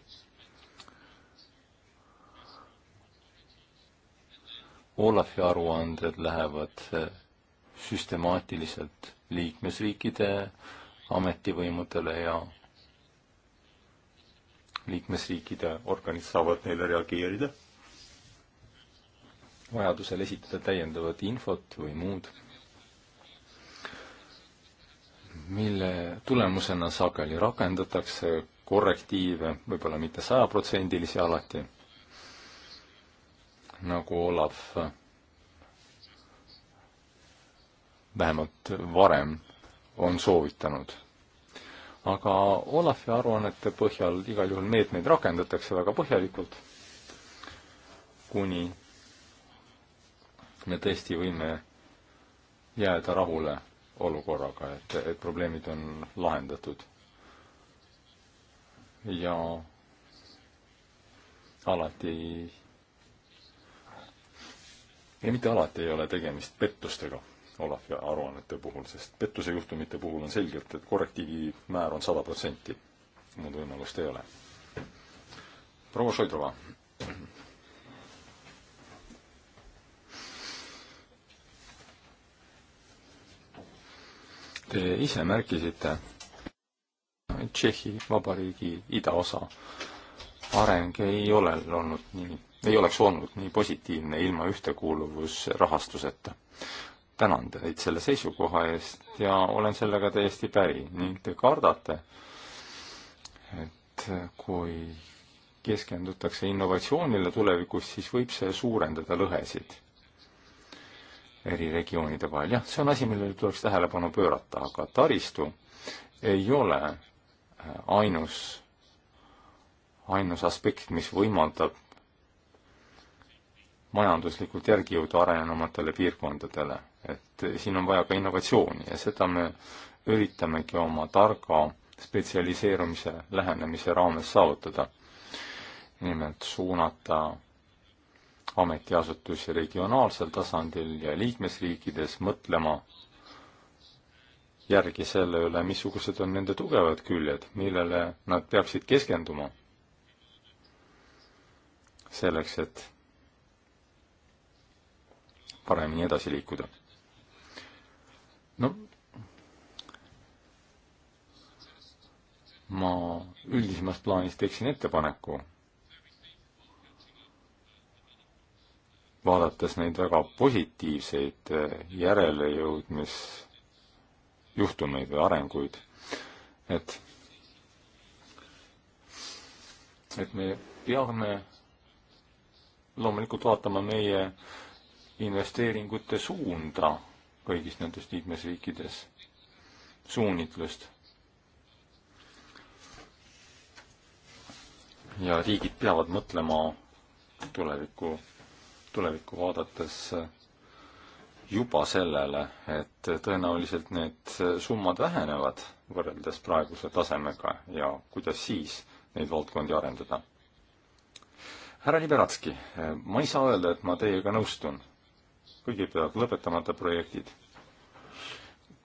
Olafi aruanded lähevad eh, süstemaatiliselt liikmesriikide ametivõimudele ja liikmesriikide organid saavad neile reageerida, vajadusel esitada täiendavat infot või muud, mille tulemusena sageli rakendatakse korrektiive, võib-olla mitte sajaprotsendilisi alati nagu Olav vähemalt varem on soovitanud. aga Olafi aruannete põhjal igal juhul meetmeid rakendatakse väga põhjalikult, kuni me tõesti võime jääda rahule olukorraga, et, et probleemid on lahendatud. ja alati ja mitte alati ei ole tegemist pettustega Olafi aruannete puhul, sest pettusejuhtumite puhul on selgelt, et korrektiivi määr on sada protsenti. muud võimalust ei ole. proua Šoidrova. Te ise märkisite Tšehhi Vabariigi idaosa areng ei ole olnud nii ei oleks olnud nii positiivne ilma ühtekuuluvusrahastuseta. tänan teid selle seisukoha eest ja olen sellega täiesti päri ning te kardate, et kui keskendutakse innovatsioonile tulevikus, siis võib see suurendada lõhesid eri regioonide vahel. jah, see on asi, millele tuleks tähelepanu pöörata, aga taristu ei ole äh, ainus, ainus aspekt, mis võimaldab majanduslikult järgi jõuda arenenumatele piirkondadele. et siin on vaja ka innovatsiooni ja seda me üritamegi oma targa spetsialiseerumise lähenemise raames saavutada. nimelt suunata ametiasutusi regionaalsel tasandil ja liikmesriikides mõtlema järgi selle üle, missugused on nende tugevad küljed, millele nad peaksid keskenduma. selleks, et paremini edasi liikuda. no ma üldisemas plaanis teeksin ettepaneku, vaadates neid väga positiivseid eh, järelejõudmisjuhtumeid või arenguid, et et me peame loomulikult vaatama meie äh, investeeringute suunda kõigis nendes liikmesriikides, suunitlust. ja riigid peavad mõtlema tulevikku, tulevikku vaadates juba sellele, et tõenäoliselt need summad vähenevad võrreldes praeguse tasemega ja kuidas siis neid valdkondi arendada. härra Liberatski, ma ei saa öelda, et ma teiega nõustun kõigepealt lõpetamata projektid.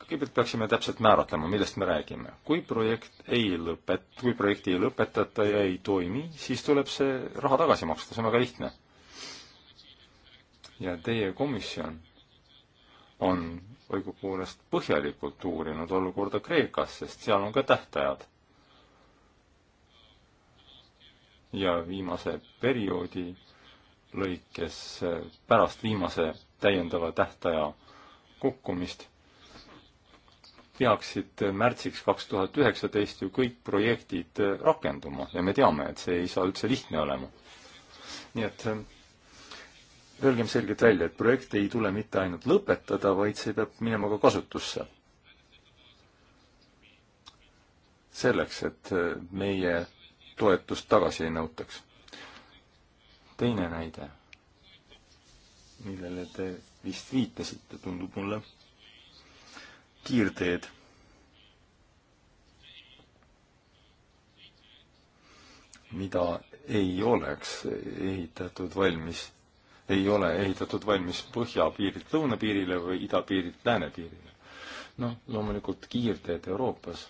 kõigepealt peaksime täpselt määratlema, millest me räägime. kui projekt ei lõpet-, kui projekti ei lõpetata ja ei toimi, siis tuleb see raha tagasi maksta, see on väga lihtne. ja teie komisjon on õigupoolest põhjalikult uurinud olukorda Kreekas, sest seal on ka tähtajad. ja viimase perioodi lõikes pärast viimase täiendava tähtaja kukkumist, peaksid märtsiks kaks tuhat üheksateist ju kõik projektid äh, rakenduma ja me teame, et see ei saa üldse lihtne olema. nii et äh, öelgem selgelt välja, et projekte ei tule mitte ainult lõpetada, vaid see peab minema ka kasutusse. selleks, et äh, meie toetust tagasi ei nõutaks. teine näide millele te vist viitasite, tundub mulle, kiirteed. mida ei oleks ehitatud valmis, ei ole ehitatud valmis põhjapiirilt lõunapiirile või idapiirilt läänepiirile. noh, loomulikult kiirteed Euroopas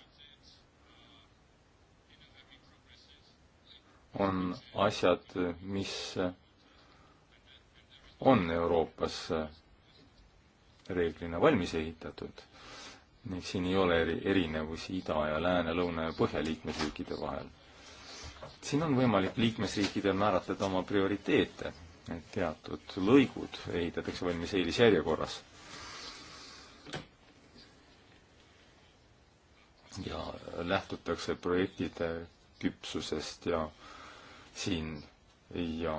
on asjad, mis on Euroopas äh, reeglina valmis ehitatud ning siin ei ole eri, erinevusi ida ja lääne, lõuna ja põhja liikmesriikide vahel. siin on võimalik liikmesriikidel määratleda oma prioriteete, et teatud lõigud ehitatakse valmis eelisjärjekorras. ja lähtutakse projektide küpsusest ja siin ja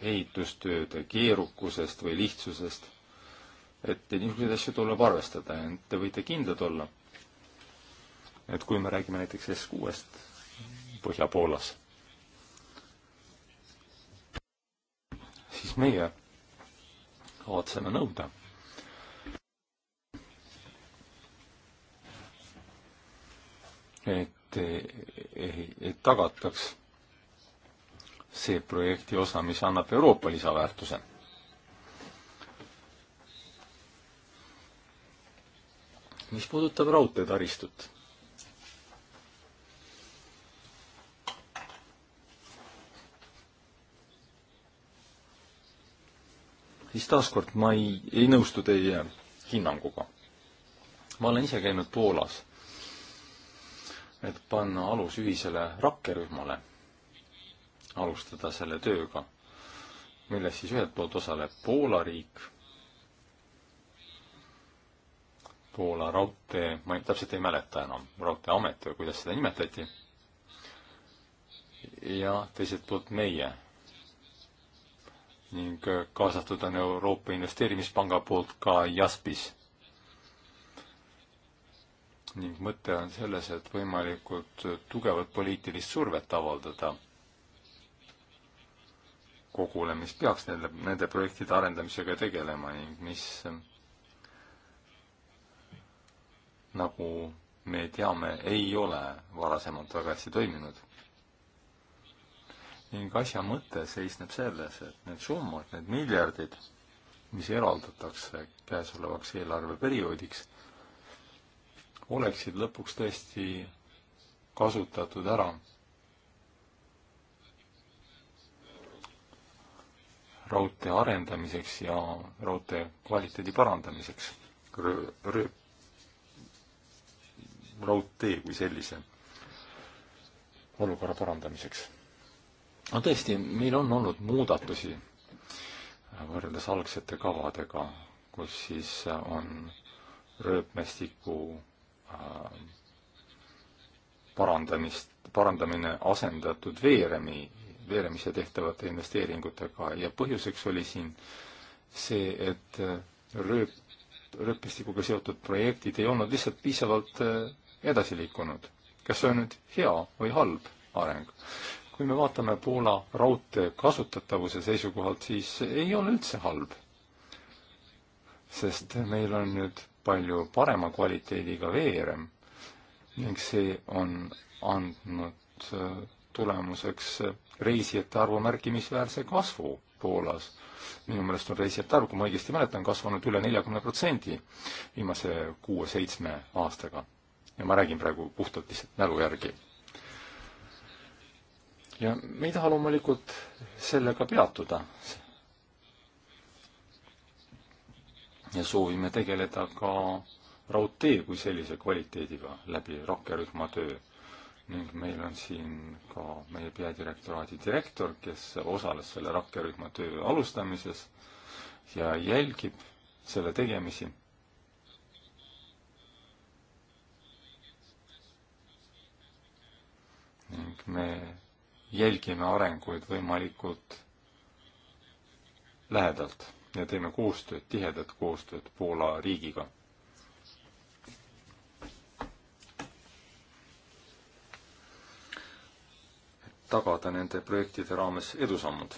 ehitustööde keerukusest või lihtsusest. et niisuguseid asju tuleb arvestada ja te võite kindlad olla, et kui me räägime näiteks S6-st Põhja-Poolas, siis meie kavatseme nõuda et, et tagataks see projekti osa, mis annab Euroopa lisaväärtuse. mis puudutab raudteetaristut, siis taaskord ma ei, ei nõustu teie hinnanguga. ma olen ise käinud Poolas, et panna alus ühisele rakkerühmale alustada selle tööga, milles siis ühelt poolt osaleb Poola riik, Poola raudtee, ma ei, täpselt ei mäleta enam, raudteeamet või kuidas seda nimetati, ja teiselt poolt meie ning kaasatud on Euroopa Investeerimispanga poolt ka JASPIS. ning mõte on selles, et võimalikult tugevat poliitilist survet avaldada kogule, mis peaks nende, nende projektide arendamisega tegelema ning mis, nagu me teame, ei ole varasemalt väga hästi toiminud. ning asja mõte seisneb selles, et need summad, need miljardid, mis eraldatakse käesolevaks eelarveperioodiks, oleksid lõpuks tõesti kasutatud ära raudtee arendamiseks ja raudtee kvaliteedi parandamiseks. raudtee kui sellise olukorra parandamiseks. no tõesti, meil on olnud muudatusi võrreldes algsete kavadega, kus siis on rööpmestiku äh, parandamist, parandamine asendatud veeremi veeremise tehtavate investeeringutega ja põhjuseks oli siin see, et rööp, rööpistikuga seotud projektid ei olnud lihtsalt piisavalt äh, edasi liikunud. kas see on nüüd hea või halb areng? kui me vaatame Poola raudtee kasutatavuse seisukohalt, siis ei ole üldse halb. sest meil on nüüd palju parema kvaliteediga veerem ning see on andnud äh, tulemuseks reisijate arvu märkimisväärse kasvu Poolas. minu meelest on reisijate arv, kui ma õigesti mäletan, kasvanud üle neljakümne protsendi viimase kuue-seitsme aastaga. ja ma räägin praegu puhtalt lihtsalt mälu järgi. ja me ei taha loomulikult sellega peatuda. ja soovime tegeleda ka raudtee kui sellise kvaliteediga läbi rakkerühma töö ning meil on siin ka meie peadirektoraadi direktor, kes osales selle rakkerühma töö alustamises ja jälgib selle tegemisi. ning me jälgime arenguid võimalikult lähedalt ja teeme koostööd, tihedat koostööd Poola riigiga tagada nende projektide raames edusammud.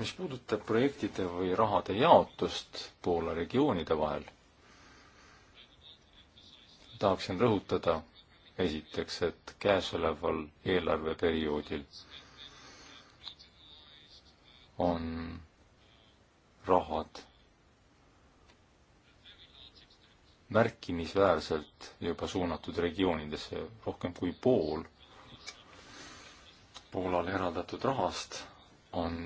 mis puudutab projektide või rahade jaotust Poola regioonide vahel, tahaksin rõhutada esiteks, et käesoleval eelarveperioodil on rahad märkimisväärselt juba suunatud regioonidesse, rohkem kui pool Poolale eraldatud rahast on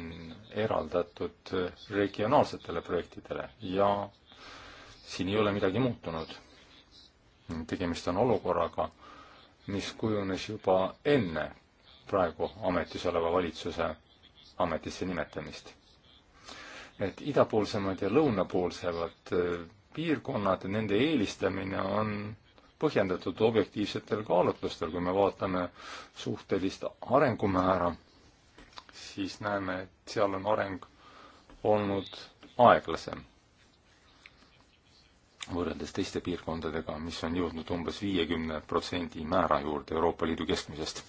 eraldatud regionaalsetele projektidele ja siin ei ole midagi muutunud. tegemist on olukorraga, mis kujunes juba enne praegu ametis oleva valitsuse ametisse nimetamist. et idapoolsemad ja lõunapoolsemad äh, piirkonnad, nende eelistamine on põhjendatud objektiivsetel kaalutlustel, kui me vaatame suhtelist arengumäära, siis näeme, et seal on areng olnud aeglasem võrreldes teiste piirkondadega, mis on jõudnud umbes viiekümne protsendi määra juurde Euroopa Liidu keskmisest.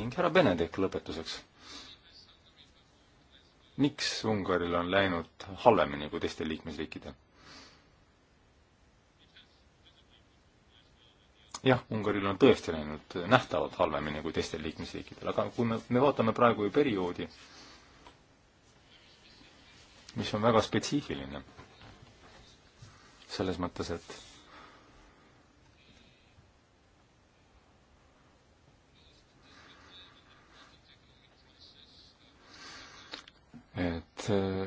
ning härra Benedek lõpetuseks. miks Ungaril on läinud halvemini kui teistel liikmesriikidel? jah, Ungaril on tõesti läinud nähtavalt halvemini kui teistel liikmesriikidel, aga kui me, me vaatame praegu ju perioodi, mis on väga spetsiifiline, selles mõttes, et et äh,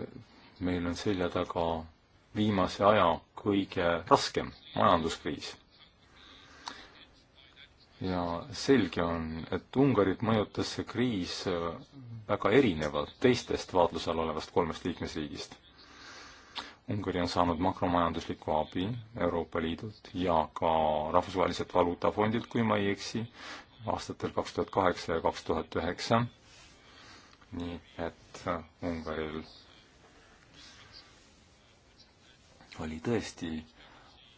meil on selja taga viimase aja kõige raskem majanduskriis ja selge on, et Ungarit mõjutas see kriis äh, väga erinevalt teistest vaatluse all olevast kolmest liikmesriigist. Ungari on saanud makromajanduslikku abi Euroopa Liidult ja ka Rahvusvaheliselt Valuutafondilt, kui ma ei eksi, aastatel kaks tuhat kaheksa ja kaks tuhat üheksa. nii et äh, Ungaril oli tõesti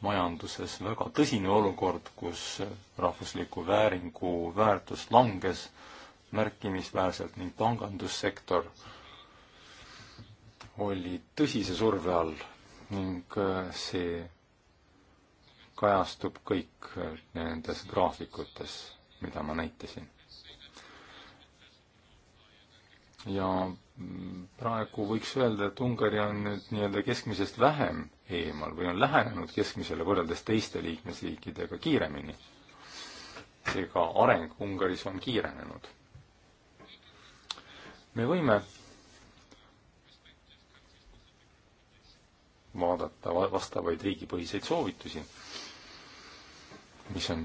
majanduses väga tõsine olukord, kus rahvusliku vääringu väärtus langes märkimisväärselt ning pangandussektor oli tõsise surve all ning äh, see kajastub kõik äh, nendes graafikutes, mida ma näitasin. ja mm, praegu võiks öelda, et Ungari on nüüd nii-öelda keskmisest vähem eemal või on lähenenud keskmisele võrreldes teiste liikmesriikidega kiiremini. seega areng Ungaris on kiirenenud. me võime vaadata vastavaid riigipõhiseid soovitusi, mis on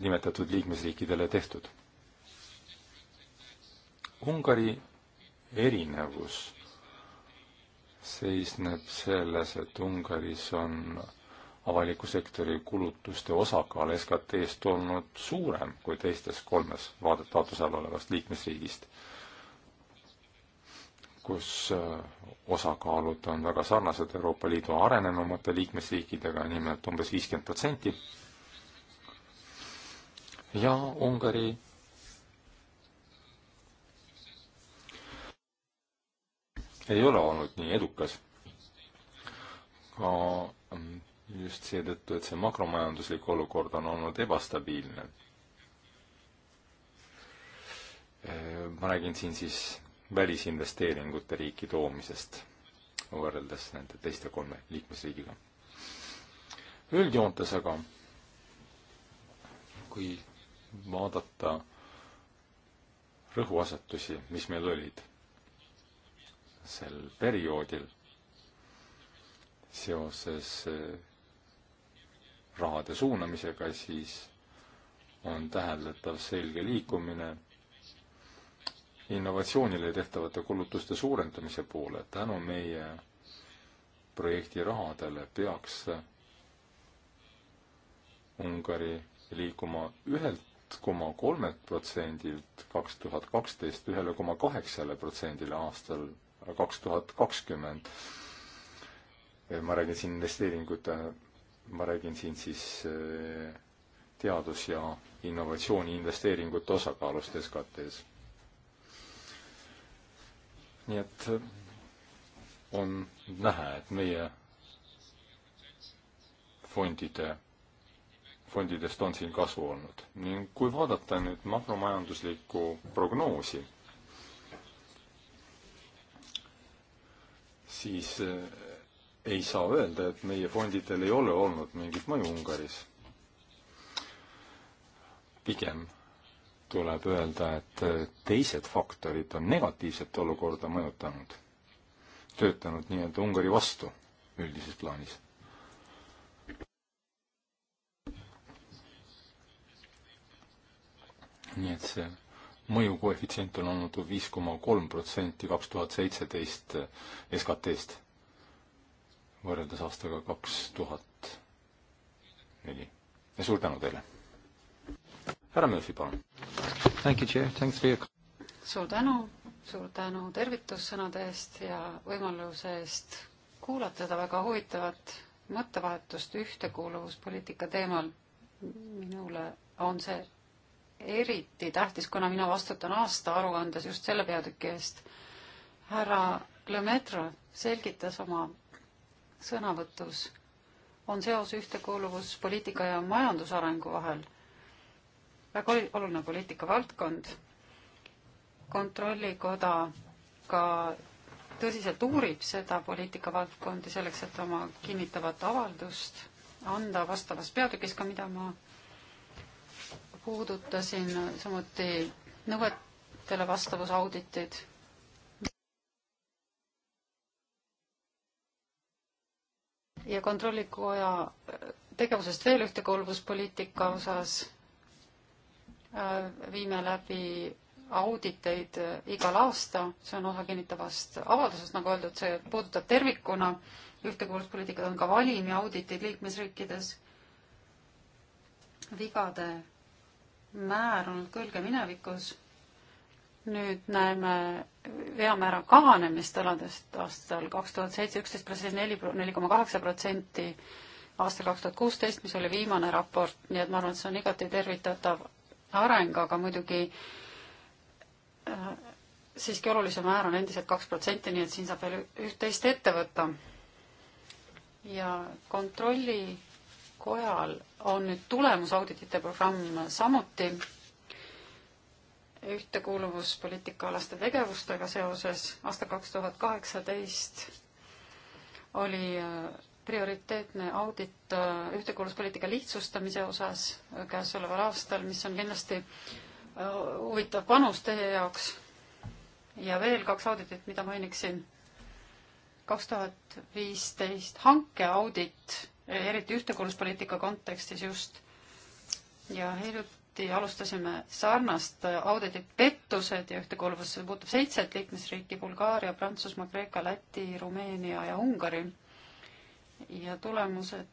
nimetatud liikmesriikidele tehtud Ungari erinevus seisneb selles, et Ungaris on avaliku sektori kulutuste osakaal SKT-st olnud suurem kui teistes kolmes vaadetluse all olevast liikmesriigist, kus äh, osakaalud on väga sarnased Euroopa Liidu arenenumate liikmesriikidega, nimelt umbes viiskümmend protsenti. ja Ungari ei ole olnud nii edukas. ka mm, just seetõttu, et see makromajanduslik olukord on olnud ebastabiilne. Äh, ma räägin siin siis välisinvesteeringute riiki toomisest võrreldes nende teiste kolme liikmesriigiga. üldjoontes aga, kui vaadata rõhuasetusi, mis meil olid sel perioodil seoses eh, rahade suunamisega, siis on täheldatav selge liikumine innovatsioonile tehtavate kulutuste suurendamise poole. tänu meie projektirahadele peaks Ungari liikuma ühelt koma kolmelt protsendilt kaks tuhat kaksteist ühele koma kaheksale protsendile aastal kaks tuhat kakskümmend. Eh, ma räägin siin investeeringute, ma räägin siin siis eh, teadus- ja innovatsiooni investeeringute osakaalust SKT-s. nii et eh, on näha, et meie fondide, fondidest on siin kasu olnud ning kui vaadata nüüd makromajanduslikku prognoosi siis eh, ei saa öelda, et meie fondidel ei ole olnud mingit mõju Ungaris. pigem tuleb öelda, et eh, teised faktorid on negatiivset olukorda mõjutanud, töötanud nii-öelda Ungari vastu üldises plaanis. nii et see mõjukoefitsient on olnud viis koma kolm protsenti kaks tuhat seitseteist SKT-st võrreldes aastaga kaks tuhat neli. ja suur tänu teile! härra Murphy, palun! suur tänu, suur tänu tervitussõnade eest ja võimaluse eest kuulata seda väga huvitavat mõttevahetust ühtekuuluvuspoliitika teemal. minule on see eriti tähtis, kuna mina vastutan aastaaruandes just selle peatüki eest. härra Lemetro selgitas oma sõnavõtus, on seos ühtekuuluvuspoliitika ja majandusarengu vahel. väga oluline poliitikavaldkond. kontrollikoda ka tõsiselt uurib seda poliitikavaldkondi selleks, et oma kinnitavat avaldust anda vastavas peatükis ka, mida ma puudutasin samuti nõuetele vastavusauditid. ja kontrollikoja tegevusest veel ühtekuuluvuspoliitika osas äh, viime läbi auditeid igal aasta, see on osa kinnitavast avaldusest, nagu öeldud, see puudutab tervikuna ühtekuuluvuspoliitikat, on ka valimi auditid liikmesriikides vigade määrunud külge minevikus. nüüd näeme veamäära kahanemist aladest aastal kaks tuhat seitse, üksteist protsenti, neli, neli koma kaheksa protsenti aastal kaks tuhat kuusteist, mis oli viimane raport, nii et ma arvan, et see on igati tervitatav areng, aga muidugi äh, siiski olulisem määr on endiselt kaks protsenti, nii et siin saab veel üht-teist ette võtta. ja kontrolli kojal on nüüd tulemusauditite programm samuti ühtekuuluvuspoliitika alaste tegevustega seoses. aasta kaks tuhat kaheksateist oli äh, prioriteetne audit äh, ühtekuuluvuspoliitika lihtsustamise osas käesoleval aastal, mis on kindlasti äh, huvitav panus teie jaoks. ja veel kaks auditit, mida mainiksin. kaks tuhat viisteist hankeaudit eriti ühtekuuluvuspoliitika kontekstis just. ja hiljuti alustasime sarnast auditit pettused ja ühtekuuluvusse puutub seitset liikmesriiki, Bulgaaria, Prantsusmaa, Kreeka, Läti, Rumeenia ja Ungari. ja tulemused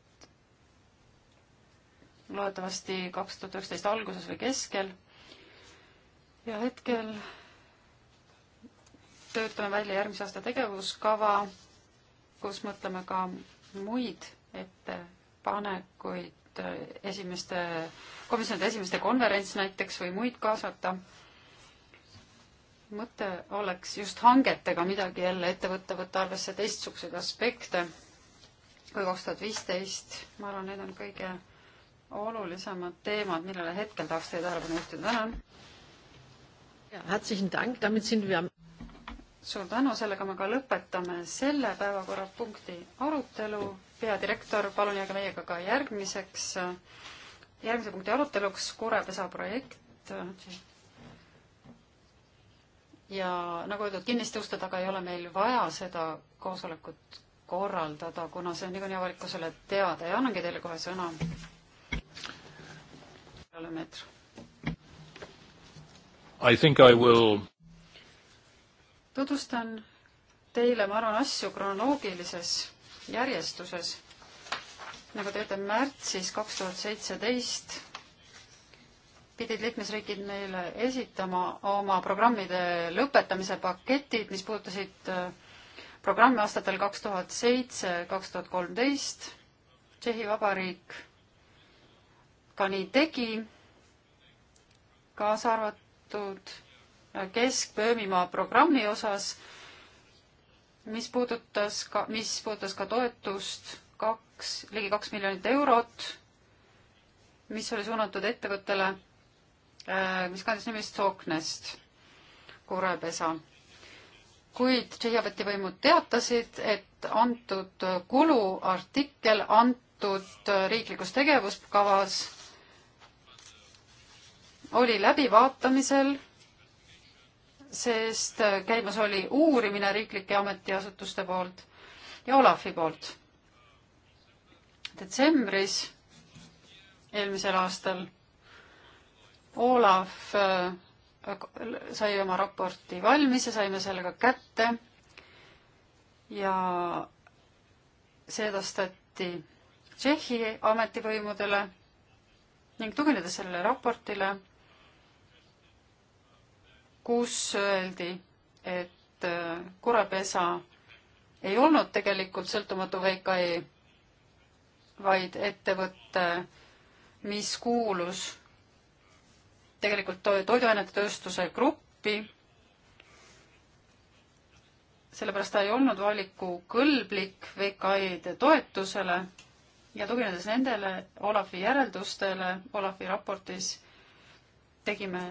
loodetavasti kaks tuhat üheksateist alguses või keskel. ja hetkel töötame välja järgmise aasta tegevuskava, kus mõtleme ka muid ettepanekuid esimeste, komisjonide esimeste konverents näiteks või muid kaasata. mõte oleks just hangetega midagi jälle ette võtta, võtta arvesse teistsuguseid aspekte kui kaks tuhat viisteist. ma arvan, need on kõige olulisemad teemad, millele hetkel tahaks teie tähelepanu juhtida. tänan! Herzlichen Dank, damit sind wir am suur tänu, sellega me ka lõpetame selle päevakorrapunkti arutelu peadirektor, palun jääge meiega ka järgmiseks, järgmise punkti aruteluks, Kurepesa projekt. ja nagu öeldud, kinniste uste taga ei ole meil vaja seda koosolekut korraldada, kuna see on niikuinii avalikkusele teada ja annangi teile kohe sõna. I think I will tutvustan teile, ma arvan, asju kronoloogilises järjestuses. nagu teate, märtsis kaks tuhat seitseteist pidid liikmesriigid meile esitama oma programmide lõpetamise paketid, mis puudutasid äh, programmi aastatel kaks tuhat seitse, kaks tuhat kolmteist. Tšehhi Vabariik ka nii tegi, kaasa arvatud äh, Kesk-Böömimaa programmi osas mis puudutas ka, mis puudutas ka toetust kaks, ligi kaks miljonit eurot, mis oli suunatud ettevõttele, äh, mis kandis nimist Sooknest, kurepesa. kuid Tšehhiaveti võimud teatasid, et antud kuluartikkel antud riiklikus tegevuskavas oli läbivaatamisel sest käimas oli uurimine riiklike ametiasutuste poolt ja Olafi poolt. detsembris eelmisel aastal Olav äh, sai oma raporti valmis ja saime selle ka kätte ja see edastati Tšehhi ametivõimudele ning tuginedes sellele raportile kus öeldi, et äh, korrapesa ei olnud tegelikult sõltumatu VKE, vaid ettevõte, mis kuulus tegelikult toiduainete tööstuse gruppi. sellepärast ta ei olnud valikukõlblik VKE-de toetusele ja tuginedes nendele Olafi järeldustele Olafi raportis tegime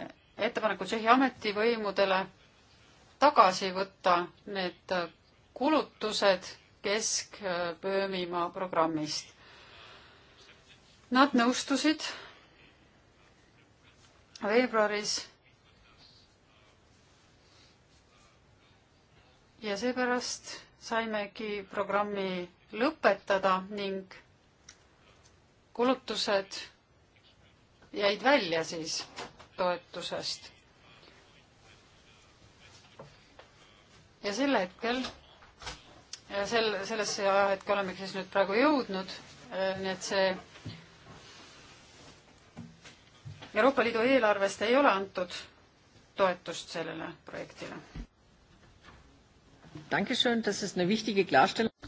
ettepaneku Tšehhi ametivõimudele tagasi võtta need kulutused Kesk-Böömimaa programmist. Nad nõustusid veebruaris ja seepärast saimegi programmi lõpetada ning kulutused jäid välja siis toetusest. ja sel hetkel, sel, sellesse ajahetke olemegi siis nüüd praegu jõudnud, äh, nii et see Euroopa Liidu eelarvest ei ole antud toetust sellele projektile.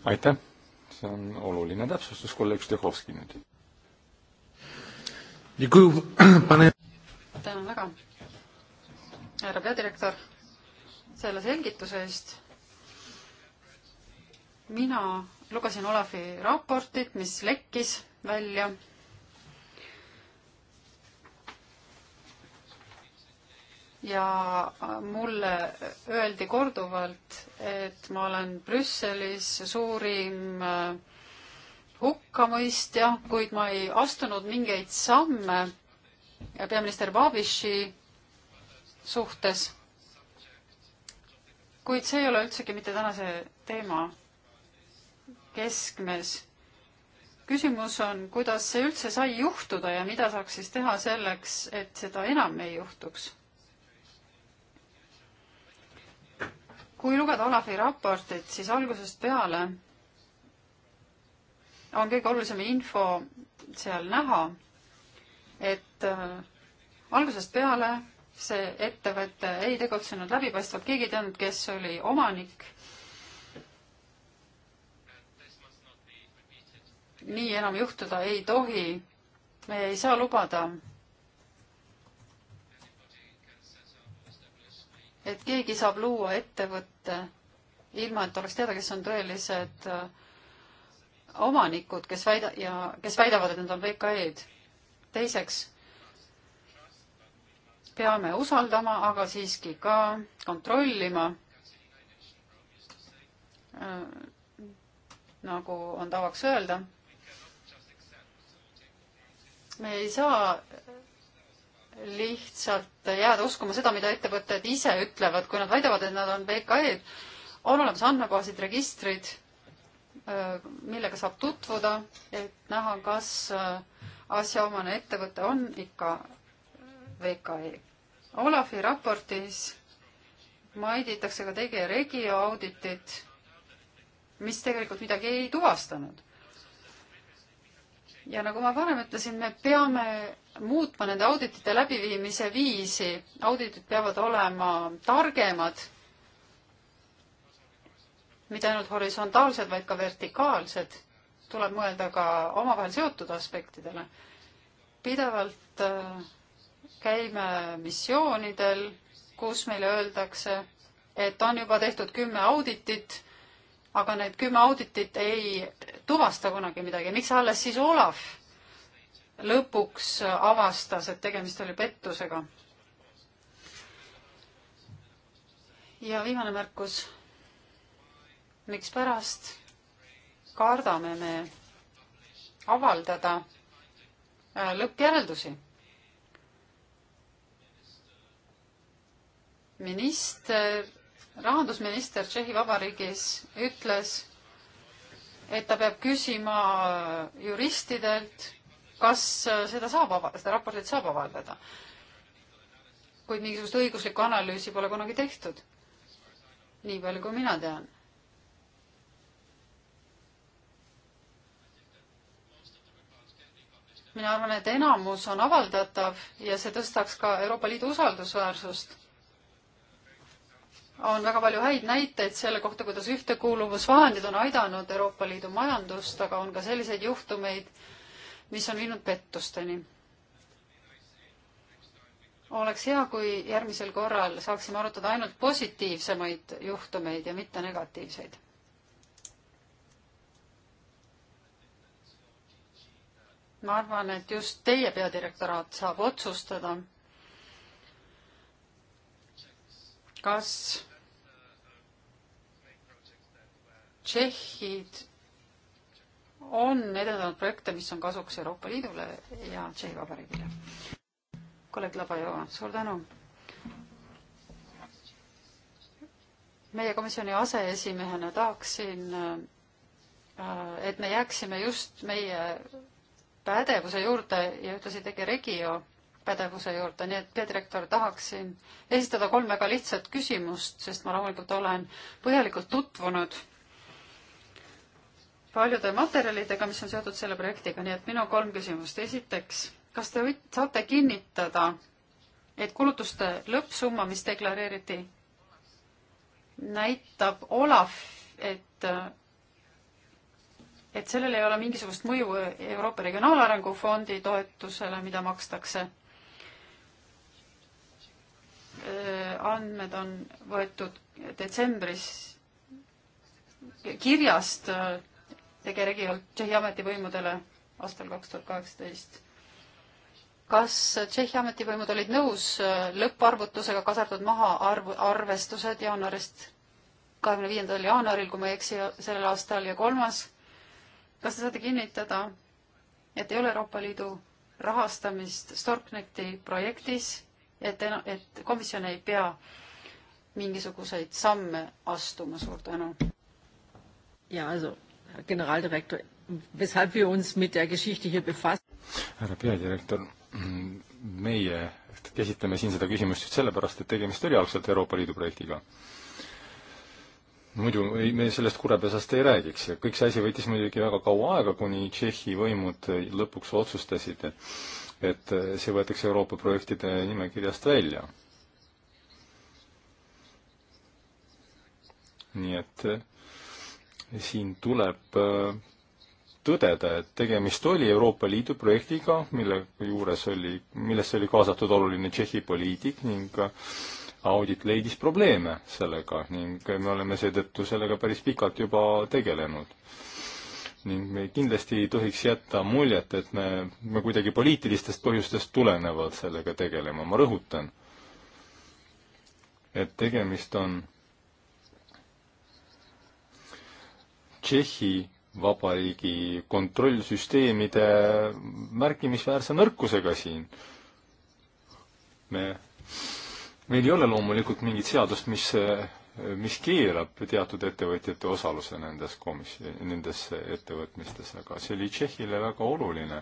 aitäh, see on oluline täpsustus, kolleeg Stehhovski nüüd tänan väga, härra peadirektor, selle selgituse eest. mina lugesin Olavi raportit, mis lekkis välja. ja mulle öeldi korduvalt, et ma olen Brüsselis suurim äh, hukkamõistja, kuid ma ei astunud mingeid samme peaminister Babiši suhtes, kuid see ei ole üldsegi mitte tänase teema keskmes. küsimus on, kuidas see üldse sai juhtuda ja mida saaks siis teha selleks, et seda enam ei juhtuks? kui lugeda Olavi raportit, siis algusest peale on kõige olulisem info seal näha, et et äh, algusest peale see ettevõte ei tegutsenud läbipaistvalt, keegi ei teadnud, kes oli omanik. nii enam juhtuda ei tohi. me ei saa lubada, et keegi saab luua ettevõtte ilma, et oleks teada, kes on tõelised äh, omanikud, kes väida- ja kes väidavad, et nad on VKE-d. teiseks peame usaldama, aga siiski ka kontrollima, äh, nagu on tavaks öelda. me ei saa lihtsalt jääda uskuma seda, mida ettevõtted ise ütlevad, kui nad väidavad, et nad on VKE-d. on olemas andmebaasid, registrid, äh, millega saab tutvuda, et näha, kas äh, asjaomane ettevõte on ikka VKE. Olafi raportis maiditakse ka teie regio auditit, mis tegelikult midagi ei tuvastanud. ja nagu ma varem ütlesin, me peame muutma nende auditite läbiviimise viisi, auditid peavad olema targemad, mitte ainult horisontaalsed, vaid ka vertikaalsed, tuleb mõelda ka omavahel seotud aspektidele. pidevalt äh, käime missioonidel, kus meile öeldakse, et on juba tehtud kümme auditit, aga need kümme auditit ei tuvasta kunagi midagi, miks alles siis Olav lõpuks avastas, et tegemist oli pettusega? ja viimane märkus. mikspärast kardame me avaldada äh, lõppjäreldusi? minister, rahandusminister Tšehhi Vabariigis ütles, et ta peab küsima juristidelt, kas seda saab, seda raportit saab avaldada. kuid mingisugust õiguslikku analüüsi pole kunagi tehtud. nii palju, kui mina tean. mina arvan, et enamus on avaldatav ja see tõstaks ka Euroopa Liidu usaldusväärsust on väga palju häid näiteid selle kohta, kuidas ühtekuuluvusvahendid on aidanud Euroopa Liidu majandust, aga on ka selliseid juhtumeid, mis on viinud pettusteni. oleks hea, kui järgmisel korral saaksime arutada ainult positiivsemaid juhtumeid ja mitte negatiivseid. ma arvan, et just teie peadirektoraat saab otsustada kas tšehhid on edendanud projekte, mis on kasuks Euroopa Liidule ja Tšehhi Vabariigile. kolleeg Labajova, suur tänu. meie komisjoni aseesimehena tahaksin, äh, et me jääksime just meie pädevuse juurde ja ühtlasi tegi Regio pädevuse juurde, nii et peadirektor, tahaksin esitada kolm väga lihtsat küsimust, sest ma loomulikult olen põhjalikult tutvunud paljude materjalidega, mis on seotud selle projektiga, nii et minu kolm küsimust. esiteks, kas te võit, saate kinnitada, et kulutuste lõppsumma, mis deklareeriti, näitab Olav, et et sellel ei ole mingisugust mõju Euroopa Regionaalarengu Fondi toetusele, mida makstakse Äh, andmed on võetud detsembris kirjast äh, tegeregiolt Tšehhi ametivõimudele aastal kaks tuhat kaheksateist. kas Tšehhi ametivõimud olid nõus äh, lõpparvutusega, kaasa arvatud maha arv, arvestused jaanuarist, kahekümne viiendal jaanuaril, kui ma ei eksi, sellel aastal ja kolmas, kas te saate kinnitada, et ei ole Euroopa Liidu rahastamist Storkneti projektis et, et komisjon ei pea mingisuguseid samme astuma, suur tänu. ja, also generaaldirektor, weshalb wir uns mit der Geschichte hier befassen? härra peadirektor, meie käsitleme siin seda küsimust just sellepärast, et tegemist oli algselt Euroopa Liidu projektiga. muidu ei, me sellest kurepesast ei räägiks ja kõik see asi võttis muidugi väga kaua aega, kuni Tšehhi võimud lõpuks otsustasid, et et see võetakse Euroopa projektide nimekirjast välja. nii et siin tuleb äh, tõdeda, et tegemist oli Euroopa Liidu projektiga, mille juures oli, millesse oli kaasatud oluline Tšehhi poliitik ning audit leidis probleeme sellega ning me oleme seetõttu sellega päris pikalt juba tegelenud ning me kindlasti ei tohiks jätta muljet, et me, me kuidagi poliitilistest põhjustest tulenevalt sellega tegeleme, ma rõhutan, et tegemist on Tšehhi Vabariigi kontrollsüsteemide märkimisväärse nõrkusega siin. me, meil ei ole loomulikult mingit seadust, mis mis keelab teatud ettevõtjate osaluse nendes komisjon, nendes ettevõtmistes, aga see oli Tšehhile väga oluline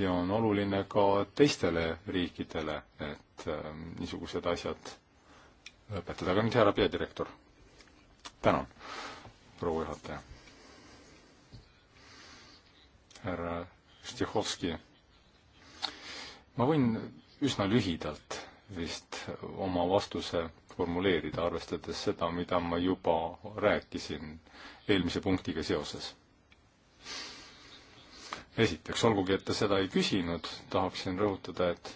ja on oluline ka teistele riikidele, et äh, niisugused asjad lõpetada. aga nüüd härra peadirektor. tänan, proua juhataja. härra Štihovski, ma võin üsna lühidalt vist oma vastuse formuleerida, arvestades seda, mida ma juba rääkisin eelmise punktiga seoses. esiteks, olgugi et te seda ei küsinud, tahaksin rõhutada, et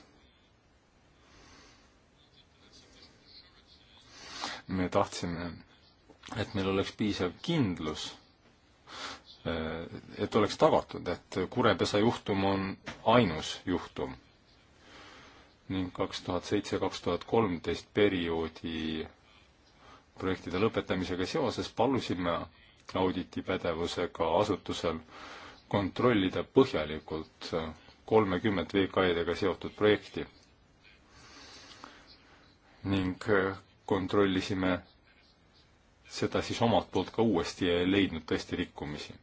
me tahtsime, et meil oleks piisav kindlus, et oleks tagatud, et kurepesa juhtum on ainus juhtum ning kaks tuhat seitse, kaks tuhat kolmteist perioodi projektide lõpetamisega seoses palusime auditipädevusega asutusel kontrollida põhjalikult kolmekümmet VKI-dega seotud projekti ning kontrollisime seda siis omalt poolt ka uuesti ja ei leidnud tõesti rikkumisi.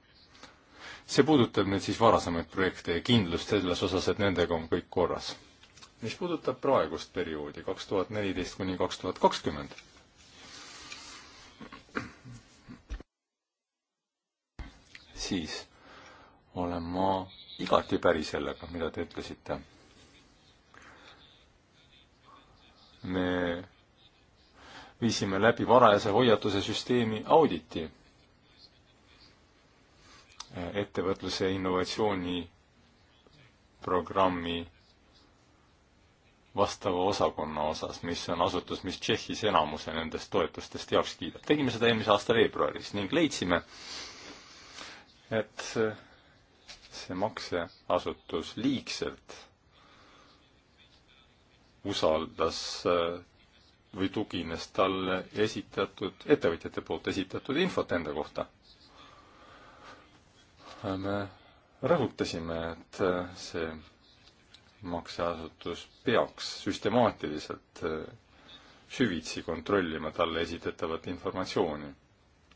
see puudutab nüüd siis varasemaid projekte ja kindlust selles osas, et nendega on kõik korras mis puudutab praegust perioodi, kaks tuhat neliteist kuni kaks tuhat kakskümmend, siis olen ma igati päri sellega, mida te ütlesite. me viisime läbi varajase hoiatuse süsteemi auditi ettevõtluse innovatsiooni programmi vastava osakonna osas, mis on asutus, mis Tšehhis enamuse nendest toetustest heaks kiidab. tegime seda eelmise aasta veebruaris ning leidsime, et see makseasutus liigselt usaldas või tugines talle esitatud, ettevõtjate poolt esitatud infot enda kohta. me rõhutasime, et see makseasutus peaks süstemaatiliselt äh, süvitsi kontrollima talle esitatavat informatsiooni.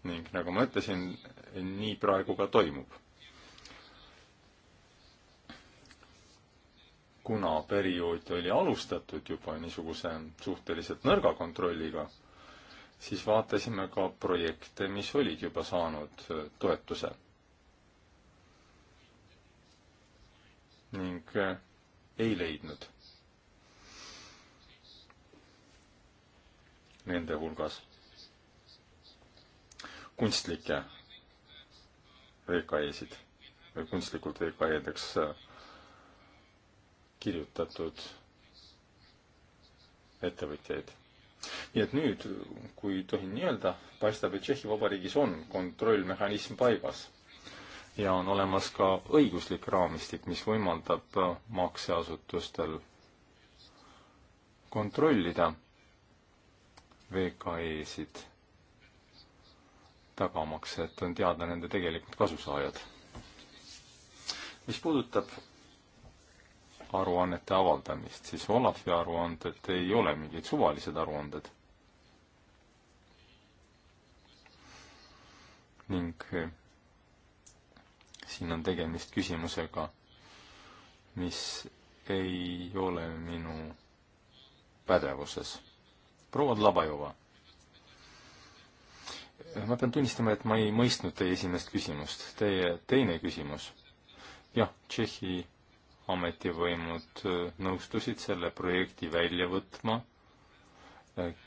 ning nagu ma ütlesin, nii praegu ka toimub. kuna periood oli alustatud juba niisuguse suhteliselt nõrga kontrolliga, siis vaatasime ka projekte, mis olid juba saanud äh, toetuse. ning äh, ei leidnud. Nende hulgas kunstlikke VKE-sid või kunstlikult VKE-deks äh, kirjutatud ettevõtjaid nii et nüüd, kui tohin nii öelda, paistab, et Tšehhi Vabariigis on kontrollmehhanism paigas ja on olemas ka õiguslik raamistik, mis võimaldab äh, makseasutustel kontrollida VKE-sid, tagamaks, et on teada nende tegelikud kasusaajad. mis puudutab aruannete avaldamist, siis Olavi aruanded ei ole mingid suvalised aruanded. ning äh, siin on tegemist küsimusega, mis ei ole minu pädevuses. proua Labajova, ma pean tunnistama, et ma ei mõistnud teie esimest küsimust. Teie teine küsimus, jah, Tšehhi ametivõimud äh, nõustusid selle projekti välja võtma äh,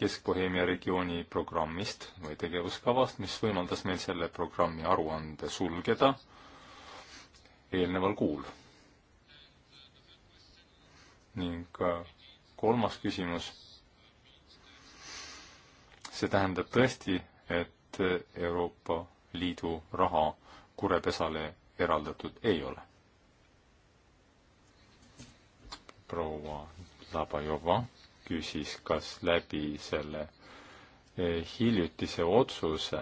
Kesk-Boheemia regiooni programmist või tegevuskavast, mis võimaldas meil selle programmi aruande sulgeda eelneval kuul. ning äh, kolmas küsimus. see tähendab tõesti, et Euroopa Liidu raha kurepesale eraldatud ei ole. proua Labajova küsis, kas läbi selle eh, hiljutise otsuse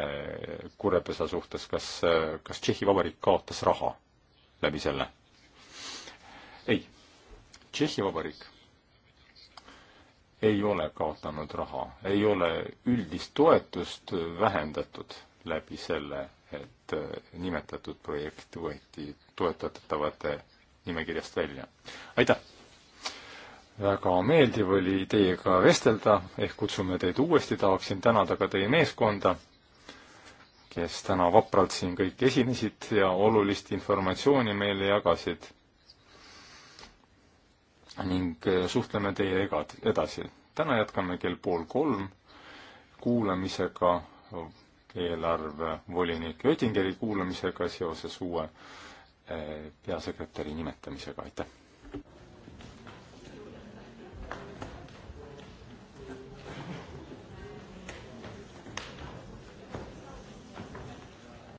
eh, Kurepesa suhtes, kas, eh, kas Tšehhi Vabariik kaotas raha läbi selle? ei, Tšehhi Vabariik ei ole kaotanud raha, ei ole üldist toetust vähendatud läbi selle, et nimetatud projekt võeti toetatavate nimekirjast välja. aitäh! väga meeldiv oli teiega vestelda, ehk kutsume teid uuesti, tahaksin tänada ka teie meeskonda, kes täna vapralt siin kõik esinesid ja olulist informatsiooni meile jagasid. ning eh, suhtleme teiega edasi. täna jätkame kell pool kolm kuulamisega, eelarvevolinik Oettingeri kuulamisega seoses uue eh, peasekretäri nimetamisega, aitäh!